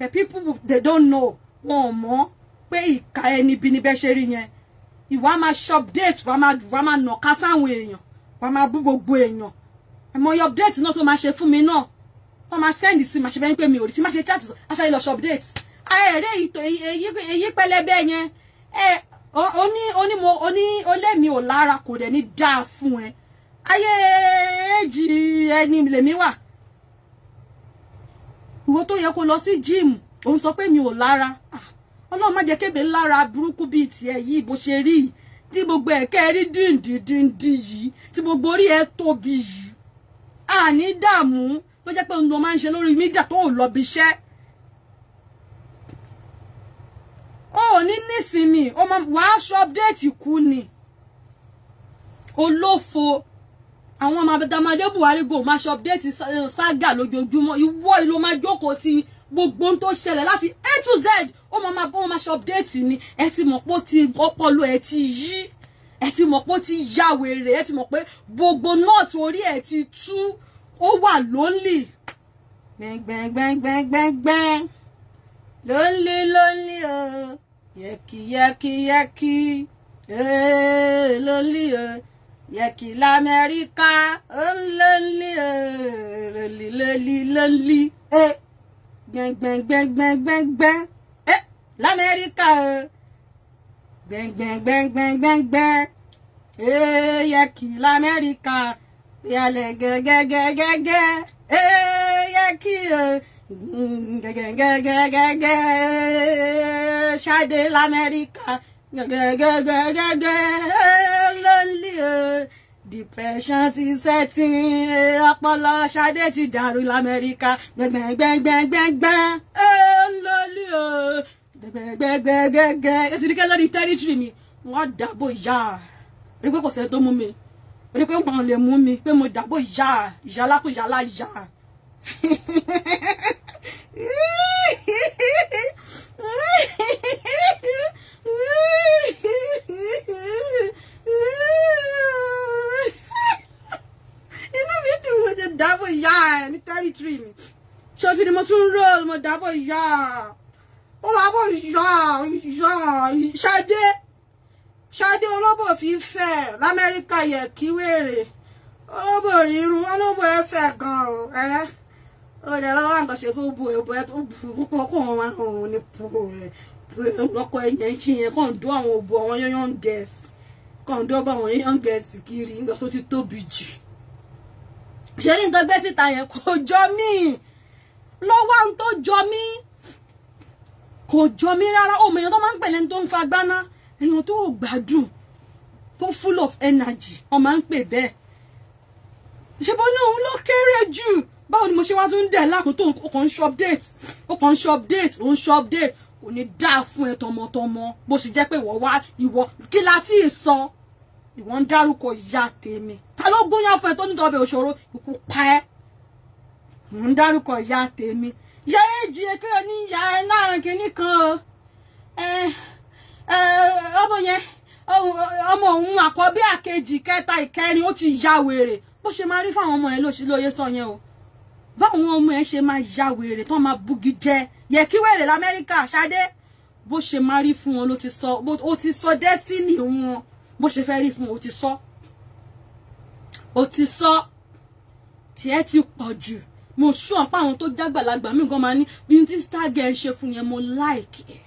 the people they don't know wọn ò mọ̀ pé ìka ẹni bí ni bẹ́ ṣe rí yẹn ìwà máa ṣọpdate wàá máa wàá máa nàka sáwọn èèyàn wàá máa bú gbogbo èèyàn àmọye update náà tó máa ṣe fún mi náà tó máa send sí máa ṣe bẹ́ẹ̀ pé mi ò rí sí máa ṣe chat aṣáájú lọ ṣọpdate ẹ̀rẹ́ èyí pẹlẹbẹ yẹn oní oní mo oní olémi ò lára kò dẹ̀ ní dáa fún ẹ ayé èjì ẹni lèmi wà ìwọ tó yẹ kó lọ sí gym òun sọ pé mi ò lára ah ọlọ́run má jẹ́ kébè lára burúkú bíi tiẹ̀ yìí bó ṣe rí tí gbogbo ẹ̀kẹ́ rí dìndín dìndín yìí tí gbogbo orí ẹ̀ tóbi yìí àní dààmú tó jẹ́ pé òun ló máa ń ṣe lórí mídíà tó ò lọ bí iṣẹ́ ó ní nísìnyí ó máa wàá ṣọ update kú ni olófo àwọn ọmọ abẹ́tàmọ́dé Buhari gò máa ṣe update eh, sága lójoojúmọ́ ìwọ ìlú máa jókòó ti gbogbo ohun tó ṣẹlẹ̀ láti a to z ó máa máa bọ́ wọn máa ṣe update ni ẹ ti mọ̀ pé ó ti ọpọlọ ẹ ti yí ẹ ti mọ̀ pé ó ti ya wèrè ẹ ti mọ̀ pé gbogbo náà torí ẹ ti tú ó wà lónlì gbẹ̀ngbẹ̀ngbẹ̀ngbẹ̀ngbẹ̀ngbẹ̀ lónlì lónlì o yẹkiyẹkiyẹki eh, lónlì o yẹkì lamẹ́ríkà oh, lónlì o lónlì lónlì lónlì. gbẹ̀ngbẹ̀ngbẹ̀ngbẹ̀ngbẹ̀ ẹ́ lamẹ́ríkà o gbẹ̀ngbẹ̀ngbẹ̀ngbẹ̀ngbẹ̀ ẹ́ yẹ aqui lamẹ́ríkà yẹlẹ gẹ́gẹ́gẹ́gẹ́ ẹ́ yẹ kí o gẹ́gẹ́gẹ́gẹ́gẹ́ ṣáde lamẹ́ríkà gẹ́gẹ́gẹ́gẹ́gẹ́ lonely o. depression ti setting ọpọlọ Ṣadé ti dàrú l'Amẹ́ríkà gbẹ̀gbẹ̀gbẹ̀gbẹ̀gbẹ̀ ó ń lólú o gbẹ̀gbẹ̀gbẹ̀gbẹ̀gbẹ̀ ètò ìdíkẹ́ lórí tẹ́rítìrì mi wọ́n dàbò yá rí pé kò sẹ́ni tó mú mi rí pé wọ́n lè mú mi pé mo dàbò yá ìyálákùyálá yá Ooh. mo ṣe dábò ìyá ẹ ní tẹ́rìtìrì mi ṣé o ti ni mo tún ń rò mo dábò ìyá ó máa bò ìyá ìyá ṣadé ṣadé olóbò fífẹ́ lamẹ́ríkà yẹ kí wèrè olóbò rírun olóbò ẹ fẹ́ gan o ẹ ó lè lọ́wọ́ àǹkan ṣe tó bu ẹ̀bù ẹ tó bu kọ́kọ́ wọn àwọn ní pu lọ́kọ̀ ẹ̀yẹ ń ṣe yẹn kàn dó àwọn òbò àwọn yọ́yọ́ ń gẹ̀ẹ́sì kàn dó àwọn yọ́yọ́ ń gẹ̀ẹ́sì kiri nígbà tó ti tóbi jù ṣe ní nǹkan gbé síta yẹn kò jọ mí lọ́wọ́ àwọn tó jọ mí kò jọ mí rárá ọmọ èèyàn tó máa ń pè lẹ́ni tó ń fa gbáná èèyàn tó gbádùn tó full of energy wọ́n máa ń pè bẹ́ẹ̀ ṣe bó ní òun ló kéré jù báwo ni mo ṣe wá tún ń dẹ̀ láàkó tó o kàn ń ṣe update o kàn ń ṣe update o ń ṣe update kò ní dáa fún ẹ tọmọtọmọ bó ṣe jẹ́ pé ìwọ wá ìwọ kí la sọ ìwọ ń dárúkọ ìyá tèmi ta ló gúnyán fún ẹ tó nídọ̀ọ́bẹ̀ òṣòro ikú pa ẹ́ mò ń dárúkọ ìyá tèmi ìyá èjì èké ní ìyá ẹ náà kínní kan ẹ ẹ ọmọ yẹn ọmọ òun àkọ́bí àkejì kẹta ìkẹrin ó ti ya wèrè bó ṣe máa rí fáwọn ọmọ yẹn ló lóye sọ yẹn o báwọn ọmọ yẹn ṣe máa ya wèrè tán máa bugi jẹ yẹ kí wèrè lamẹ́ríkà ṣadé bó ṣe máa rí fún wọn ló ti sọ ó ti sọ destiny wọn bó ṣe fẹ́ rí fún wọn ó ti sọ. So ó ti sọ tiẹ̀ ti pọ̀ jù mo ṣú ọ̀pá àwọn tó jágbàlagbà mí gan máa ní bí n ti stargate ṣe fún yẹn mo like ẹ̀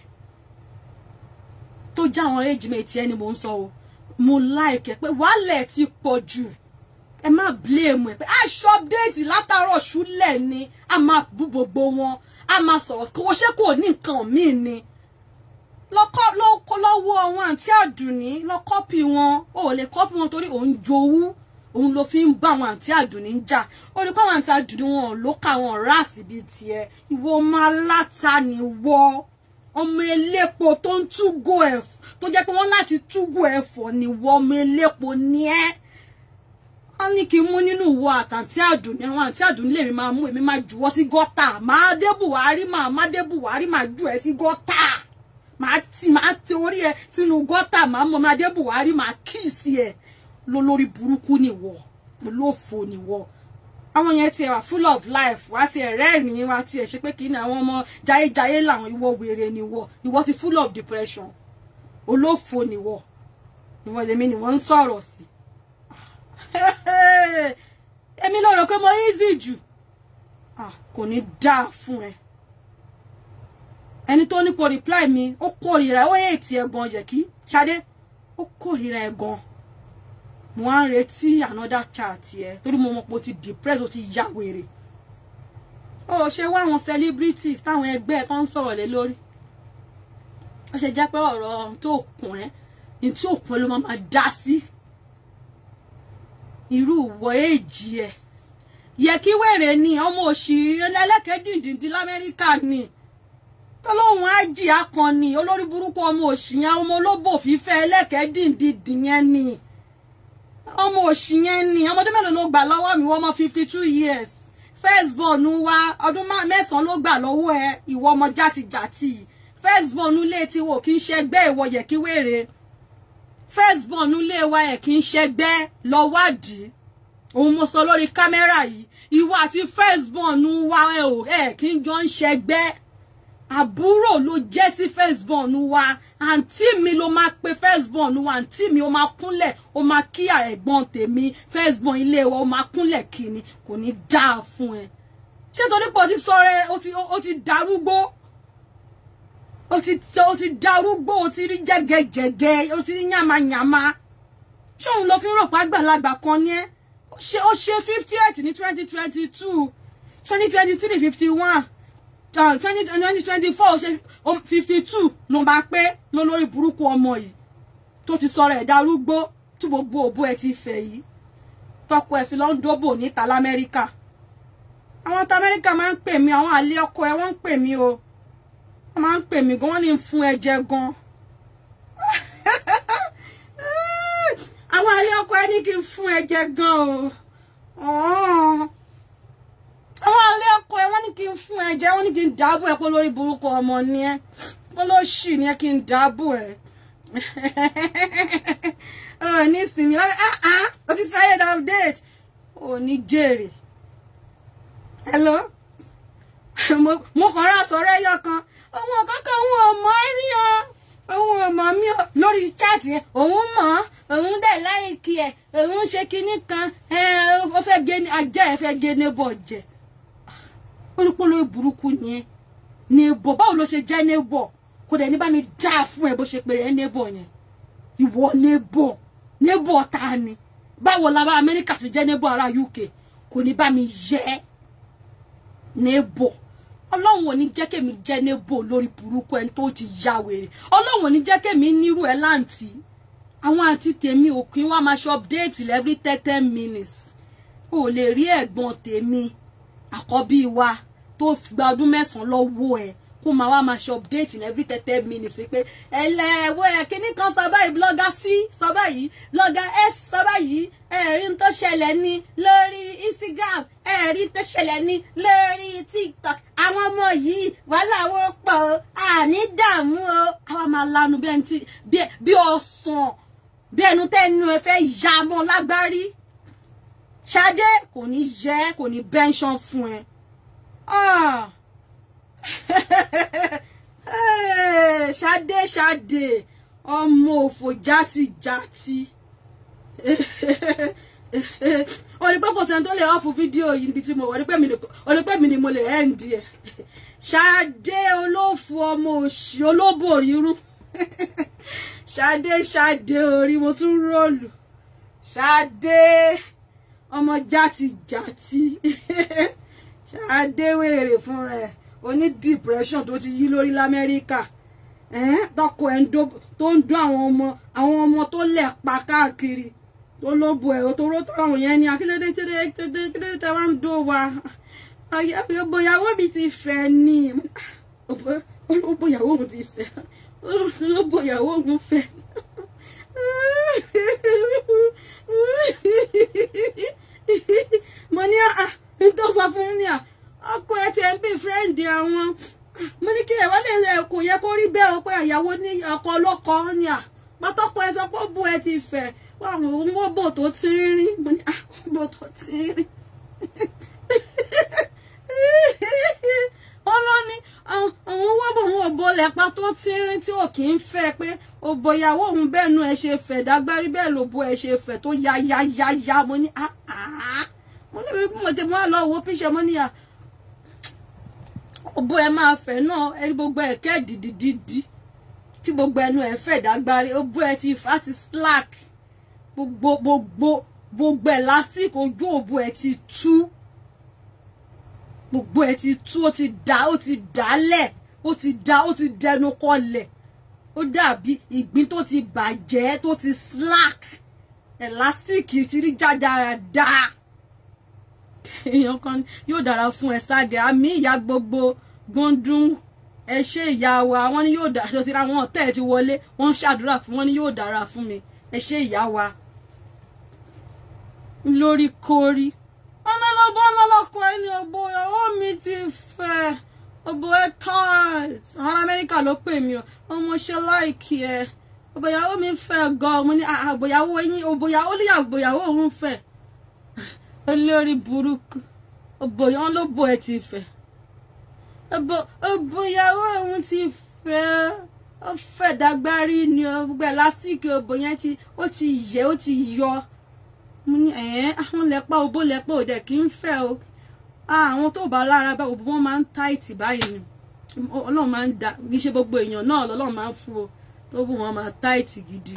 tó já àwọn age mate ẹni mò ń sọ o mo like ẹ̀ pé wàhálẹ̀ ti pọ̀ jù ẹ má blame ẹ pé aṣọ ah, update látàárọ̀ ṣúlẹ̀ ni a máa bú gbogbo wọn a máa sọ̀rọ̀ kò ṣe kò ní nǹkan míì ni lọ́wọ́ àwọn àǹtí àdùnní lọ kọ́pì wọn ò lè kọ́pì wọn torí òun jowú òun ló fi ń bá àwọn àǹtí àdùnní ń jà ó ní pàwọn àǹtí àdùnní wọn ló kà wọn ráàsì bíi tiẹ̀ ìwọ ọmọ aláta ni wọ ọmọ elépo tó ń túgò ẹ tó jẹ́ pé wọ́n láti túgò ẹ̀fọ́ ni wọ ọmọ elépo ni ẹ wọ́n ní kí n mú nínú ìwọ àtàǹtí àdùnní àwọn àǹtí àdùnní lèmi máa mú èmi máa jùwọ́ sí gọ́tà máa dé Buhari máa má dé Buhari máa jù ẹ́ sí gọ́tà máa ti máa ti orí ẹ sínú gọ́tà máa mọ máa dé Buhari máa kíìsì ẹ̀ Lolori buruku ni lólórí burúkú nìwọ olófò nìwọ àwọn yẹn tiẹ̀ wà full of life wá tiẹ̀ rẹ́rìn-ín wá tiẹ̀ ṣe pé kí ni àwọn ọmọ jayéjayé làwọn ìwọ wèrè nìwọ ìwọ ti full of depression olófò nìwọ ìwọ lèmi ni wọ́n ń sọ̀rọ̀ sí èmi ló rò pé mo easy jù kò ní dáa fún ẹ ẹni tó ní ko reply mi ó kórìíra ó yẹ ètì ẹ̀gbọ́n yẹ kí Ṣadé ó kórìíra ẹ̀gbọ́n mo wá ń retí another chat yẹ torí mo mọ pé o ti depress o ti ya wèrè o ṣe wá àwọn celebrity táwọn ẹgbẹ́ ẹ̀ kan ń sọ̀rọ̀ lé lórí ó ṣe jẹ́ pé ọ̀rọ̀ tó kùn ẹ́ ní tí òkun ló máa dá sí irú ìwọ èjì ẹ̀ yẹ kí wèrè ni ọmọ òṣì ẹlẹ́lẹ́kẹ́ dìndìndín lamẹ́ríkà ni tọ́lọ́hún ájì akọni olórí burúkú ọmọ òṣì yẹn ọmọ olóbò fífẹ́ ẹlẹ́kẹ́ yẹn ni ọmọ òṣì yẹn ni ọmọdé mélòó ló gbà lọ́wọ́ mi wọ́n ọmọ fifty two years first born wa ọdún mẹ́sàn-án ló gbà lọ́wọ́ ẹ ìwọ ọmọ játijàti first born ilé tiwọn kì í ṣẹgbẹ́ ìwọ yẹ kí wèrè first born ilé wa ẹ̀ kì í ṣẹgbẹ́ lọ́wádìí òun mo sọ lórí kámẹ́rà yìí ìwọ àti first born wa ẹ ò ẹ kì í jọ ń ṣẹgbẹ́ àbúrò ló jẹ́ sí firstborn wa àǹtí mi ló máa pe firstborn wa àǹtí mi ó máa kúnlẹ̀ ó máa kí ẹ̀gbọ́n tèmi firstborn ilé wa ó máa kúnlẹ̀ kí ni kò ní dáa fún ẹ ṣé torí pé o ti sọ̀rọ̀ o ti darúgbó o ti o ti darúgbó o ti rí jẹgẹjẹgẹ o ti rí yàmàyàmà ṣé òun ló fi ń rò pé àgbàlagbà kan ni ẹ ó ṣe fifty eight ní twenty twenty two twenty twenty three fifty one. Ah, twenty uh, twenty twenty four ṣe um, fifty two ló máa pé lólórí burúkú ọmọ yìí tó ti sọ̀rọ̀ ẹ̀ darúgbó tí gbogbo òbó ẹ̀ ti fẹ̀ yìí tọkọ ẹ̀ fi lọ ń dóbò níta lamẹ́ríkà àwọn ta amẹ́ríkà máa ń pè mí àwọn àlè ọkọ ẹ̀ wọ́n ń pè mí o wọ́n máa ń pè mí gan wọ́n ní fún ẹ jẹ gan àwọn àlè ọkọ ẹ̀ ní kí n fún ẹ jẹ gan o àwọn alẹ́ ọkọ ẹ wọ́n ní kí n fún ẹ jẹ wọ́n ní kí n dáàbò ẹ pé lórí burúkú ọmọ ni ẹ pé ló ṣì ni ẹ kí n dáàbò ẹ ọ ìsinmi lábẹ́ ah ah o ti sáyé down date ò ní jèrè hello mo kàn rà sọ̀rọ̀ ẹyọ kan òun ọ̀kọ́kọ́ òun ò mọ̀ rí o òun ò mọ̀ mí o lórí chat yẹn òun mọ̀ òun dẹ̀ láìkí ẹ̀ òun ṣe kinní kan ẹ̀ ó fẹ́ gé ajá ẹ̀ fẹ́ gé nébọ̀ jẹ́ onípolo burúkú yẹn nebo báwo ló ṣe jẹ́ nebo kò dẹ̀ ní bá mi dáa fún ẹ bó ṣe pèrè ẹ nebo yẹn ìwọ nebo nebo ta ni báwo la bá amẹ́ríkà ṣe jẹ́ nebo ara uk kò ní bá mi yẹ nebo ọlọ́run ò ní jẹ́ kèmi jẹ́ nebo lórí burúkú ẹni tó ti ya wèrè ọlọ́run ò ní jẹ́ kèmi nírú ẹ láǹtì àwọn àti tèmi òkín wa máa ṣe update every thirty minutes o lè rí ẹ̀gbọ́n tèmi àkọ́bí wa tó gba ọdún mẹ́sàn-án lọ́wọ́ ẹ̀ kó máa wá máa ṣe update ní every thirty minutes pé ẹlẹ́wọ́ ẹ̀ kíní kan sọ báyìí blogger c sọ báyìí blogger s sọ báyìí ẹ̀rí tó ṣẹlẹ̀ ní lórí instagram ẹ̀rí tó ṣẹlẹ̀ ní lórí tiktok àwọn ọmọ yìí wàhálà wọn pọ̀ o àní dààmú o àwa máa lanu bí ọsàn bí ẹnu tẹ́nu ẹ fẹ́ yá mọ́ lágbárí Ṣadé kò ní yẹ kò ní pension fún ẹ ah. eh, Ṣadé Ṣadé ọmọ òfò játijàti olùpẹ́ kò sẹ́ni tó lè ọ́fù fídíò yìí níbi tí mo wà olùpẹ́ mi ni mo lè ẹ́ǹdì ẹ̀ Ṣadé olófò ọmọ òṣì olóbò rírú Ṣadé Ṣadé orí mo tún rọ́ọ̀lù Ṣadé ọmọ játijàti ṣàdéwèrè fúnra ẹ̀ oní depression tó ti yí lórí lamẹ́ríkà tọkọ ẹ̀ tó ń dún àwọn ọmọ àwọn ọmọ tó lẹ̀ pa káàkiri tó ló bu ẹ̀ tó ró tó ọ̀hún yẹn ni akíndéédé tẹ́lẹ̀ tẹ́ wá ń dó wa ògbóyàwó mi ti fẹ́ ni olóbóyàwó mi ti fẹ́ olóbóyàwó mi fẹ́. mo ní à ah, ah, tó sọ fún ní à ah, ọkọ ẹ tẹ ń bí fírẹ́ǹdì àwọn mo ní kí ẹ̀wọ́n lè kò yẹ kó rí bẹ́ẹ̀ o pé àyàwó ní ọkọ ọlọ́kọ ní à pátákọ ẹ sọ pé ó bó ẹ ti fẹ̀ àwọn owó bò tó ti ń rín mo ní àwọn bò tó ti ń rín ó lọ lẹ́pa tó tínrín tí ò kì í fẹ́ pé òbò ìyàwó òun bẹ́ẹ̀ nu ẹ̀ ṣe fẹ̀ dágbárí bẹ́ẹ̀ lòbò ẹ̀ ṣe fẹ̀ tó ya ya ya ya mo ní ah, ah. mo ní bí mo ti mọ́ lọ wo píṣẹ́ mo níyà òbò ah. ẹ̀ máa fẹ̀ náà ẹni gbogbo ẹ̀ kẹ́ dìdìdìdì tí gbogbo ẹnu ẹ̀ fẹ̀ dágbárí òbò ẹ̀ ti fà ti slack gbogbo gbogbo gbogbo ẹ̀ lásìkò ojú òbò ẹ̀ ti tú gbogbo ẹ̀ ti tú ó ti dá ó ti dálẹ̀ ó ti da ó ti dẹnu kọlẹ̀ ó dàbí ìgbín tó ti bàjẹ́ tó ti slack elastic ti rí jájáradá èèyàn kan yóò dára fún ẹ ṣáàgẹ àmì ìyá gbogbo gbọndún ẹ ṣe ìyá wa wọn ni yóò dára ṣe ra wọn ọtẹ ti wọlé wọn ń ṣàdúrà fún wọn ni yóò dára fún mi ẹ ṣe ìyá wa lórí kórí ọ̀nà lọ́gbọ́n ẹni ọ̀gbọ́n ọ̀hún mi ti fẹ́ẹ́ ọbọ ẹ tán àwọn amẹ́ríkà ló pè mí o ọmọ ṣe láìkí ẹ ọbọyàwó mi fẹ́ gan mo ní àbòyàwó ah, yín ọbọyàwó lè àbòyàwó òun fẹ́ olórí burúkú ọbọyàn ló bọ ẹ ti fẹ́ ọbọyàwó òun ti fẹ́ ó fẹ́ dágbárí ni o gbogbo ẹlástíìkì ọbọ yẹn ti ó ti yẹ ó ti yọ mo ní ẹ àwọn ah, lẹpa òbó lẹpa òdẹ kì í fẹ́ o. Ah, àwọn tó bá lára báwo wọ́n máa ń táìtì báyìí ni ọlọ́run máa ń da kì í ṣe gbogbo èèyàn náà lọ́lọ́run máa ń fún o tó bù wọ́n máa táìtì gidi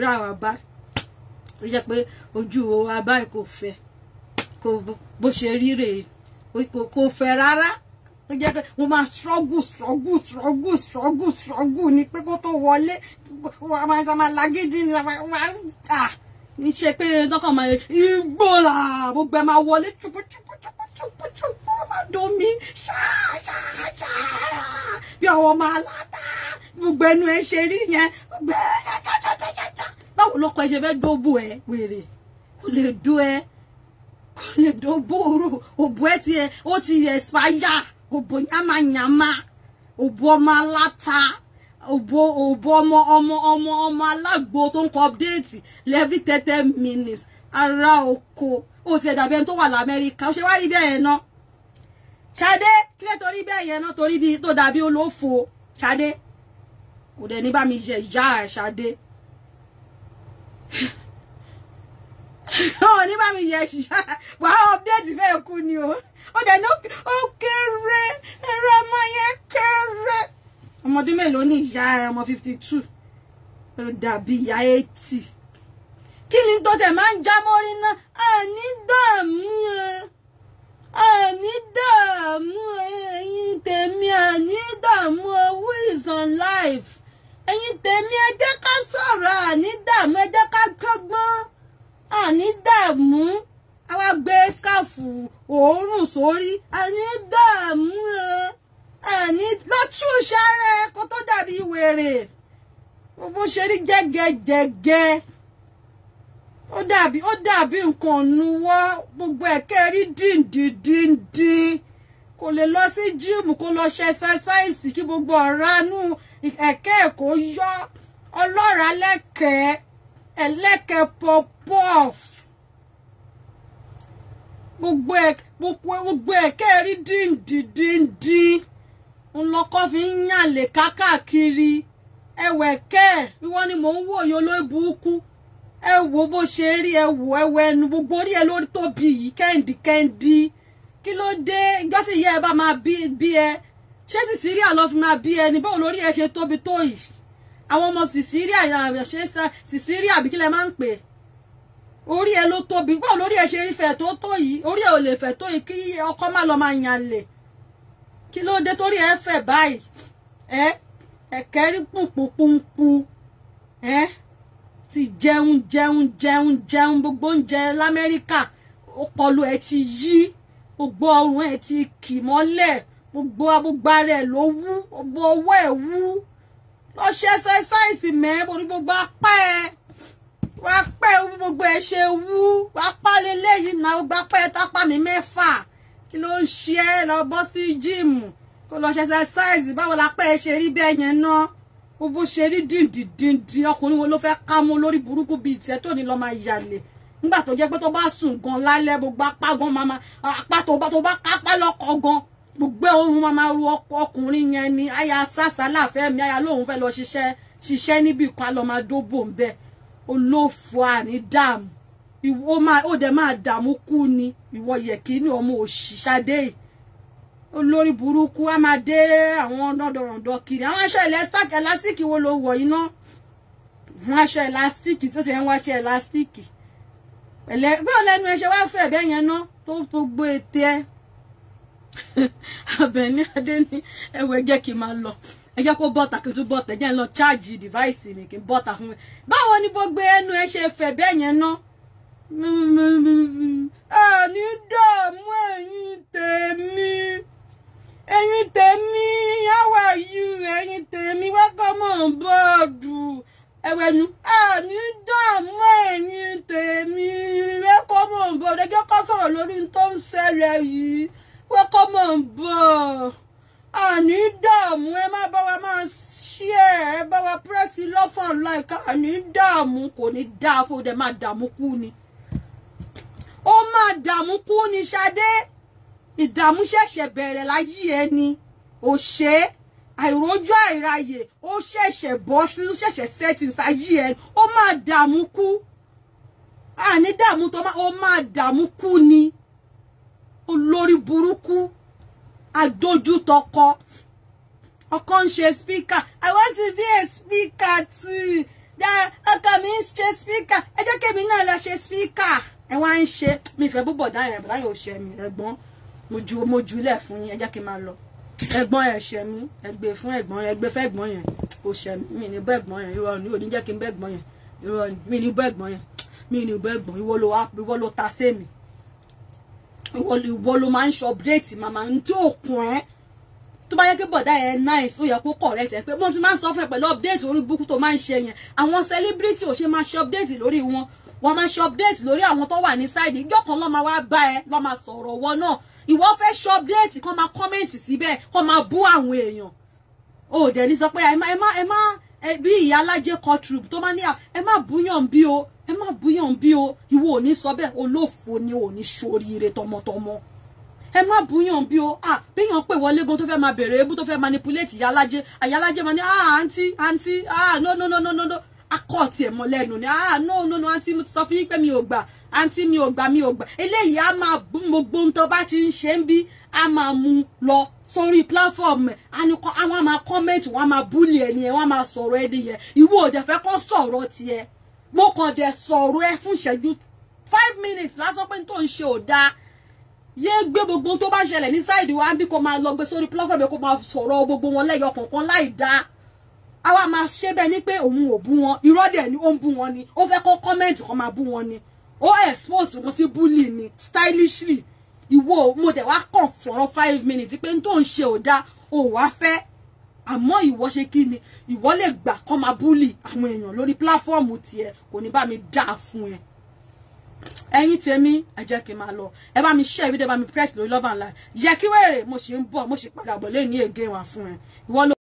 rà wá bá ó jẹ́ pé ojú o wa báyìí kò fẹ́ kò bó ṣe rí rèé kò fẹ́ rárá tó jẹ́ pé mo máa struggle struggle struggle struggle struggle ni pé kó tó wọlé wà máa lágídí ni à ní ṣe pé tọkàn máa igbó là gbogbo ẹ máa wọlé chukuchukuchuku ṣùgbọ́n má domi ṣáṣáṣá bí àwọn ọmọ aláta gbogbo ẹnu ẹ ṣe rí yẹn báwo lọkọ ẹ ṣe fẹ́ dóbò ẹ wèrè kò lè dó ẹ kò lè dóbò orò òbò ẹ ti ẹ ó ti yẹ ṣáyà òbò yàmàyàmà òbò ọmọ aláta òbò òbò ọmọ ọmọ ọmọ ọmọ alágbo tó ń kọ update every thirty minutes ara oko ó ti ẹ̀dà bẹ́ẹ̀ tó wà lamẹ́ríkà ó ṣe wá rí bẹ́ẹ̀ náà Chade, kílẹ̀ torí bẹ́ẹ̀ yẹn náà torí bí tó dàbí olófo Ṣadé kò dẹ̀ ní bá mi ṣe ìyá ẹ̀ Ṣadé ọ̀ ní mi yẹ ṣiṣẹ́ wà update fẹ́ kú ni o ó dẹ̀ ní ó kéré ẹ̀rọ ọmọ yẹn kéré ọmọ ọdún mélòó ní ìyá ẹ ọmọ fifty two ló dàbí ìyá eighty kí ni tó tẹ̀ máa ń já mórí náà àní dààmú ẹ̀yin tèmi àní dààmú owó is on life ẹ̀yin tèmi ẹ jẹ́ ká sọ̀rọ̀ àní dààmú ẹ jẹ́ ká kọ́gbọ́n àní dààmú àwa gbé skáfù òórùn sórí àní dààmú ẹ àní lọ́tún sáré kó tó dàbí wèrè bó ṣe rí jẹ́gẹ́jẹ́gẹ́. ó dàbí ó dàbí nǹkan nuwọ́ gbogbo ẹ̀kẹ́ rí díndíndíndín kò lè lọ sí jíìmù kó lọ ṣe ẹsẹsáìsì kí gbogbo ọ̀ránú ẹ̀kẹ́ ẹ̀kọ́ yọ ọlọ́ra lẹ́kẹ̀ẹ́ ẹlẹ́kẹ̀ pọpọ́f gbogbo ẹ̀kẹ́ rí díndíndíndín ńlọkọ́ fi ń yànlẹ̀ kákàkiri ẹwẹ̀kẹ́ wíwọ́n ni mò ń wòye olóòbù kú. ẹ wo bó ṣe rí ẹ wo ẹwẹ ẹnu gbogbo orí ẹ lórí tó bí yìí kẹ́ndì kẹ́ndì kí ló dé ìjọ́ tí ìyá ẹ bá máa bí ẹ ṣé Sisiria lọ fi máa bí ẹ ní báwo lórí ẹ ṣe tóbi tó yìí àwọn ọmọ Sisiria ṣe Sisiria àbí kí lẹ máa ń pè orí ẹ ló tóbi báwo lórí ẹ ṣe rí fẹ̀ tó tó yìí orí ẹ ò lè fẹ̀ tó yìí kí ọkọ má lọ máa yàn lè kí ló dé torí ẹ fẹ̀ báyìí ẹ ẹ̀kẹ́ rí pùpùpùpù ẹ. Eh? ti jẹun jẹun jẹun jẹun gbogbo oúnjẹ lamẹ́ríkà ọpọlọ ẹ ti yí gbogbo ọrùn ẹ ti kì mọ́lẹ̀ gbogbo agbogbo ara ẹ ló wú gbogbo ọwọ́ ẹ wú lọ ṣe ẹsẹsáìsì mẹ́ẹ́ borí gbogbo apá ẹ wá pẹ́ gbogbo ẹ ṣe wú wá pa leléyìí náà gbogbo apá ẹ tápá mi mẹ́fà kí ló ń ṣe ẹ lọ bọ́ sí jíìmù kó lọ ṣe ẹsẹsáìsì báwo la pẹ́ ẹ ṣe rí bẹ́ẹ̀ yẹn náà o bó ṣe rí dìndìndìndín ọkùnrin wọn ló fẹ́ ká mú lórí burúkú bíi tiẹ̀ tó ní lọ máa yàlè nígbà tó jẹ́ pé tó bá sùn gan lálẹ́ gbogbo apá gan máa máa apá tó bá tó bá kápá lọ́kọ̀ gan gbogbo ohun máa máa ru ọkùnrin yẹn ni aya sásálà fẹ́ mi aya lóun fẹ́ lọ ṣiṣẹ́ ṣiṣẹ́ níbi kan lọ máa dóbò ń bẹ olófo àní dààmú ìwọ ó dẹ̀ máa dààmú kú ni ìwọ yẹ kí ni ọmọ òṣìṣàdé olórí burúkú á máa dé àwọn ọ̀dọ̀rọ̀dọ̀ kiri àwọn aṣọ ẹ̀lásìkì wo ló wọ̀ iná àwọn aṣọ ẹ̀lásìkì tó ti ń wáṣọ ẹ̀lásìkì pẹ̀lẹ́ bí ó lẹ́nu ẹṣẹ́ wá fẹ́ ẹ̀bẹ́ yẹn ná tó tó gbó ètè ẹ̀ Àbẹ̀ní adé ní ẹ̀wẹ̀ jẹ́ kí n máa lọ ẹ jẹ́ kó bọ́ta kí n tún bọ́ta ẹ jẹ́ n lọ cháàjì dìváìsì mi kí n bọ́ta fún mi báwo ni gbogbo ẹnu ẹ ṣe fẹ́ bẹ́ẹ̀ yẹn ná àmì dààmú ẹ̀yìn tèmi ẹ̀yin tèmi how are you ẹ̀yin tèmi welcome on board ẹ̀wẹ̀nu àmì dààmú ẹ̀yin tèmi welcome on board ẹjọ́ kọ́ sọ̀rọ̀ lórí tó ń ṣẹlẹ̀ yìí welcome on board àní dààmú ẹ má bá wa máa ṣí ẹ ẹ bá wa pírẹ́sì lọ́fọ̀n láìka àní dààmú kò ní dáa fún ọ dẹ máa dààmú kú ni ó máa dààmú kú ni Ṣadé ìdààmú ṣẹ̀ṣẹ̀ bẹ̀rẹ̀ láyé ẹni òṣè àìrójú àìráyè ó ṣẹ̀ṣẹ̀ bọ́ sí ṣẹ̀ṣẹ̀ setting sáyé ẹni ó máa dààmú kú àní dààmú tó ó máa dààmú kú ni olórí burúkú adójútọkọ ọkọ ń ṣe speaker i want to be a speaker too ọkọ mi ń ṣe speaker ẹ jẹ́ kémi náà lọ ṣe speaker ẹ wá ń ṣe mi ìfẹ́ búbọ̀ dáhùn ẹ̀ bọ̀dáyọ̀ òṣèlú ẹ̀gbọ́n mo ju mo jùlẹ̀ fún yín ẹ jẹ́ kí n máa lọ ẹ̀gbọ́n ẹ̀ ṣe mí ẹgbẹ́ fún ẹ̀gbọ́n yẹn ẹgbẹ́ fẹ́gbọ́n yẹn kò ṣe mí mi ní bẹ́gbọ́n yẹn irọ́ ni ò ní kí n bẹ́gbọ́n yẹn irọ́ ni mi ní bẹ́gbọ́n yẹn mi ní bẹ́gbọ́n ìwọ ló wá ìwọ ló ta sẹ́mi ìwọ ló máa ń ṣe update màmá ní tí ò kún ẹ́ tó bá yẹ kí bọ̀dá yẹn nice ó yẹ kó correct ẹ pé mo ti máa ń sọ fún ẹ pẹ̀lú update orí búkú tó máa ń ṣe yẹn àwọn celebrity ò ṣe máa ṣe update lórí wọn wọn máa ṣe update lórí àwọn tó wà ní side ìjọ kan lọ́ máa wá bá ẹ lọ́ máa sọ̀rọ̀ wọn náà ìwọ fẹ́ ṣe update kan máa comment síbẹ̀ kan máa bú àwọn èèyàn o dẹ̀ ní sọ pé ẹ má ẹ má ẹ má bí ìyá alájẹ courtroom tó máa ní à ẹ má búyàn bí o ẹ má búyàn bí o ìwọ ò ní sọ bẹ́ẹ̀ olófo ni ò ní ṣoríire tọmọtọmọ ẹ má búyàn bí o ah béèyàn pè wọlé gan tó fẹ́ máa bẹ̀rẹ̀ ebú tó fẹ́ manipulate ìyá alájẹ àyà alájẹ máa ní ah àǹtí àǹtí ah no no no no no no akọ́ tiẹ̀ mọ́ lẹ́nu ni ah no no no àǹtí mi sọ fún yín pé mi ò gbà àǹtí mi ò gbà mi ò gbà eléyìí a máa bú gbogbo ohun tó bá ti ń ṣe ń bí a máa mú lọ sórí platform àníkọ́ àwọn máa comment wọ́n máa búlì ẹni yẹn wọ́n máa sọ̀rọ̀ ẹni yẹn ìwọ ò dẹ̀ fẹ́ kọ́ sọ̀rọ̀ mo kàn dẹ̀ sọ̀rọ̀ ẹ fún ìṣẹ́jú five minutes lásán pé tó ń ṣe ò dáa yé gbé gbogbo tó bá ń ṣẹlẹ̀ ní sáìdì wa bí kò máa lọ gbé sórí platform kò máa sọ̀rọ̀ gbogbo wọn lẹ́yọ kọ̀ọ̀kan láì dáa a wá máa ṣe bẹ́ẹ̀ ni pé òun ò bú wọn irọ́ dẹ̀ ni ó ń bú wọn ni ó fẹ́ kó kọ́mẹ́ǹtì kan máa bú wọn ni ó expose wọn sí bully ni stylishly ìwọ mo dẹ̀ wá kàn sọ̀rọ̀ five minutes pé n tó ń ṣe ò dáa ò wá fẹ́ àmọ́ ìwọ ṣe kí ni ìwọ lè gbà kọ́ máa búlì àwọn èèyàn lórí pláfọ́ọ̀mù tiẹ̀ kò ní bá mi dáa fún ẹ ẹ̀yin tèmi ẹ jẹ́ kí n máa lọ ẹ bá mi share video ẹ bá mi press lórí love and life yẹ kí wẹ́rẹ̀ mo ṣì ń bọ̀ mo ṣì padà bọ̀ lẹ́yìn ní ègé wà fún ẹ ìwọ ló.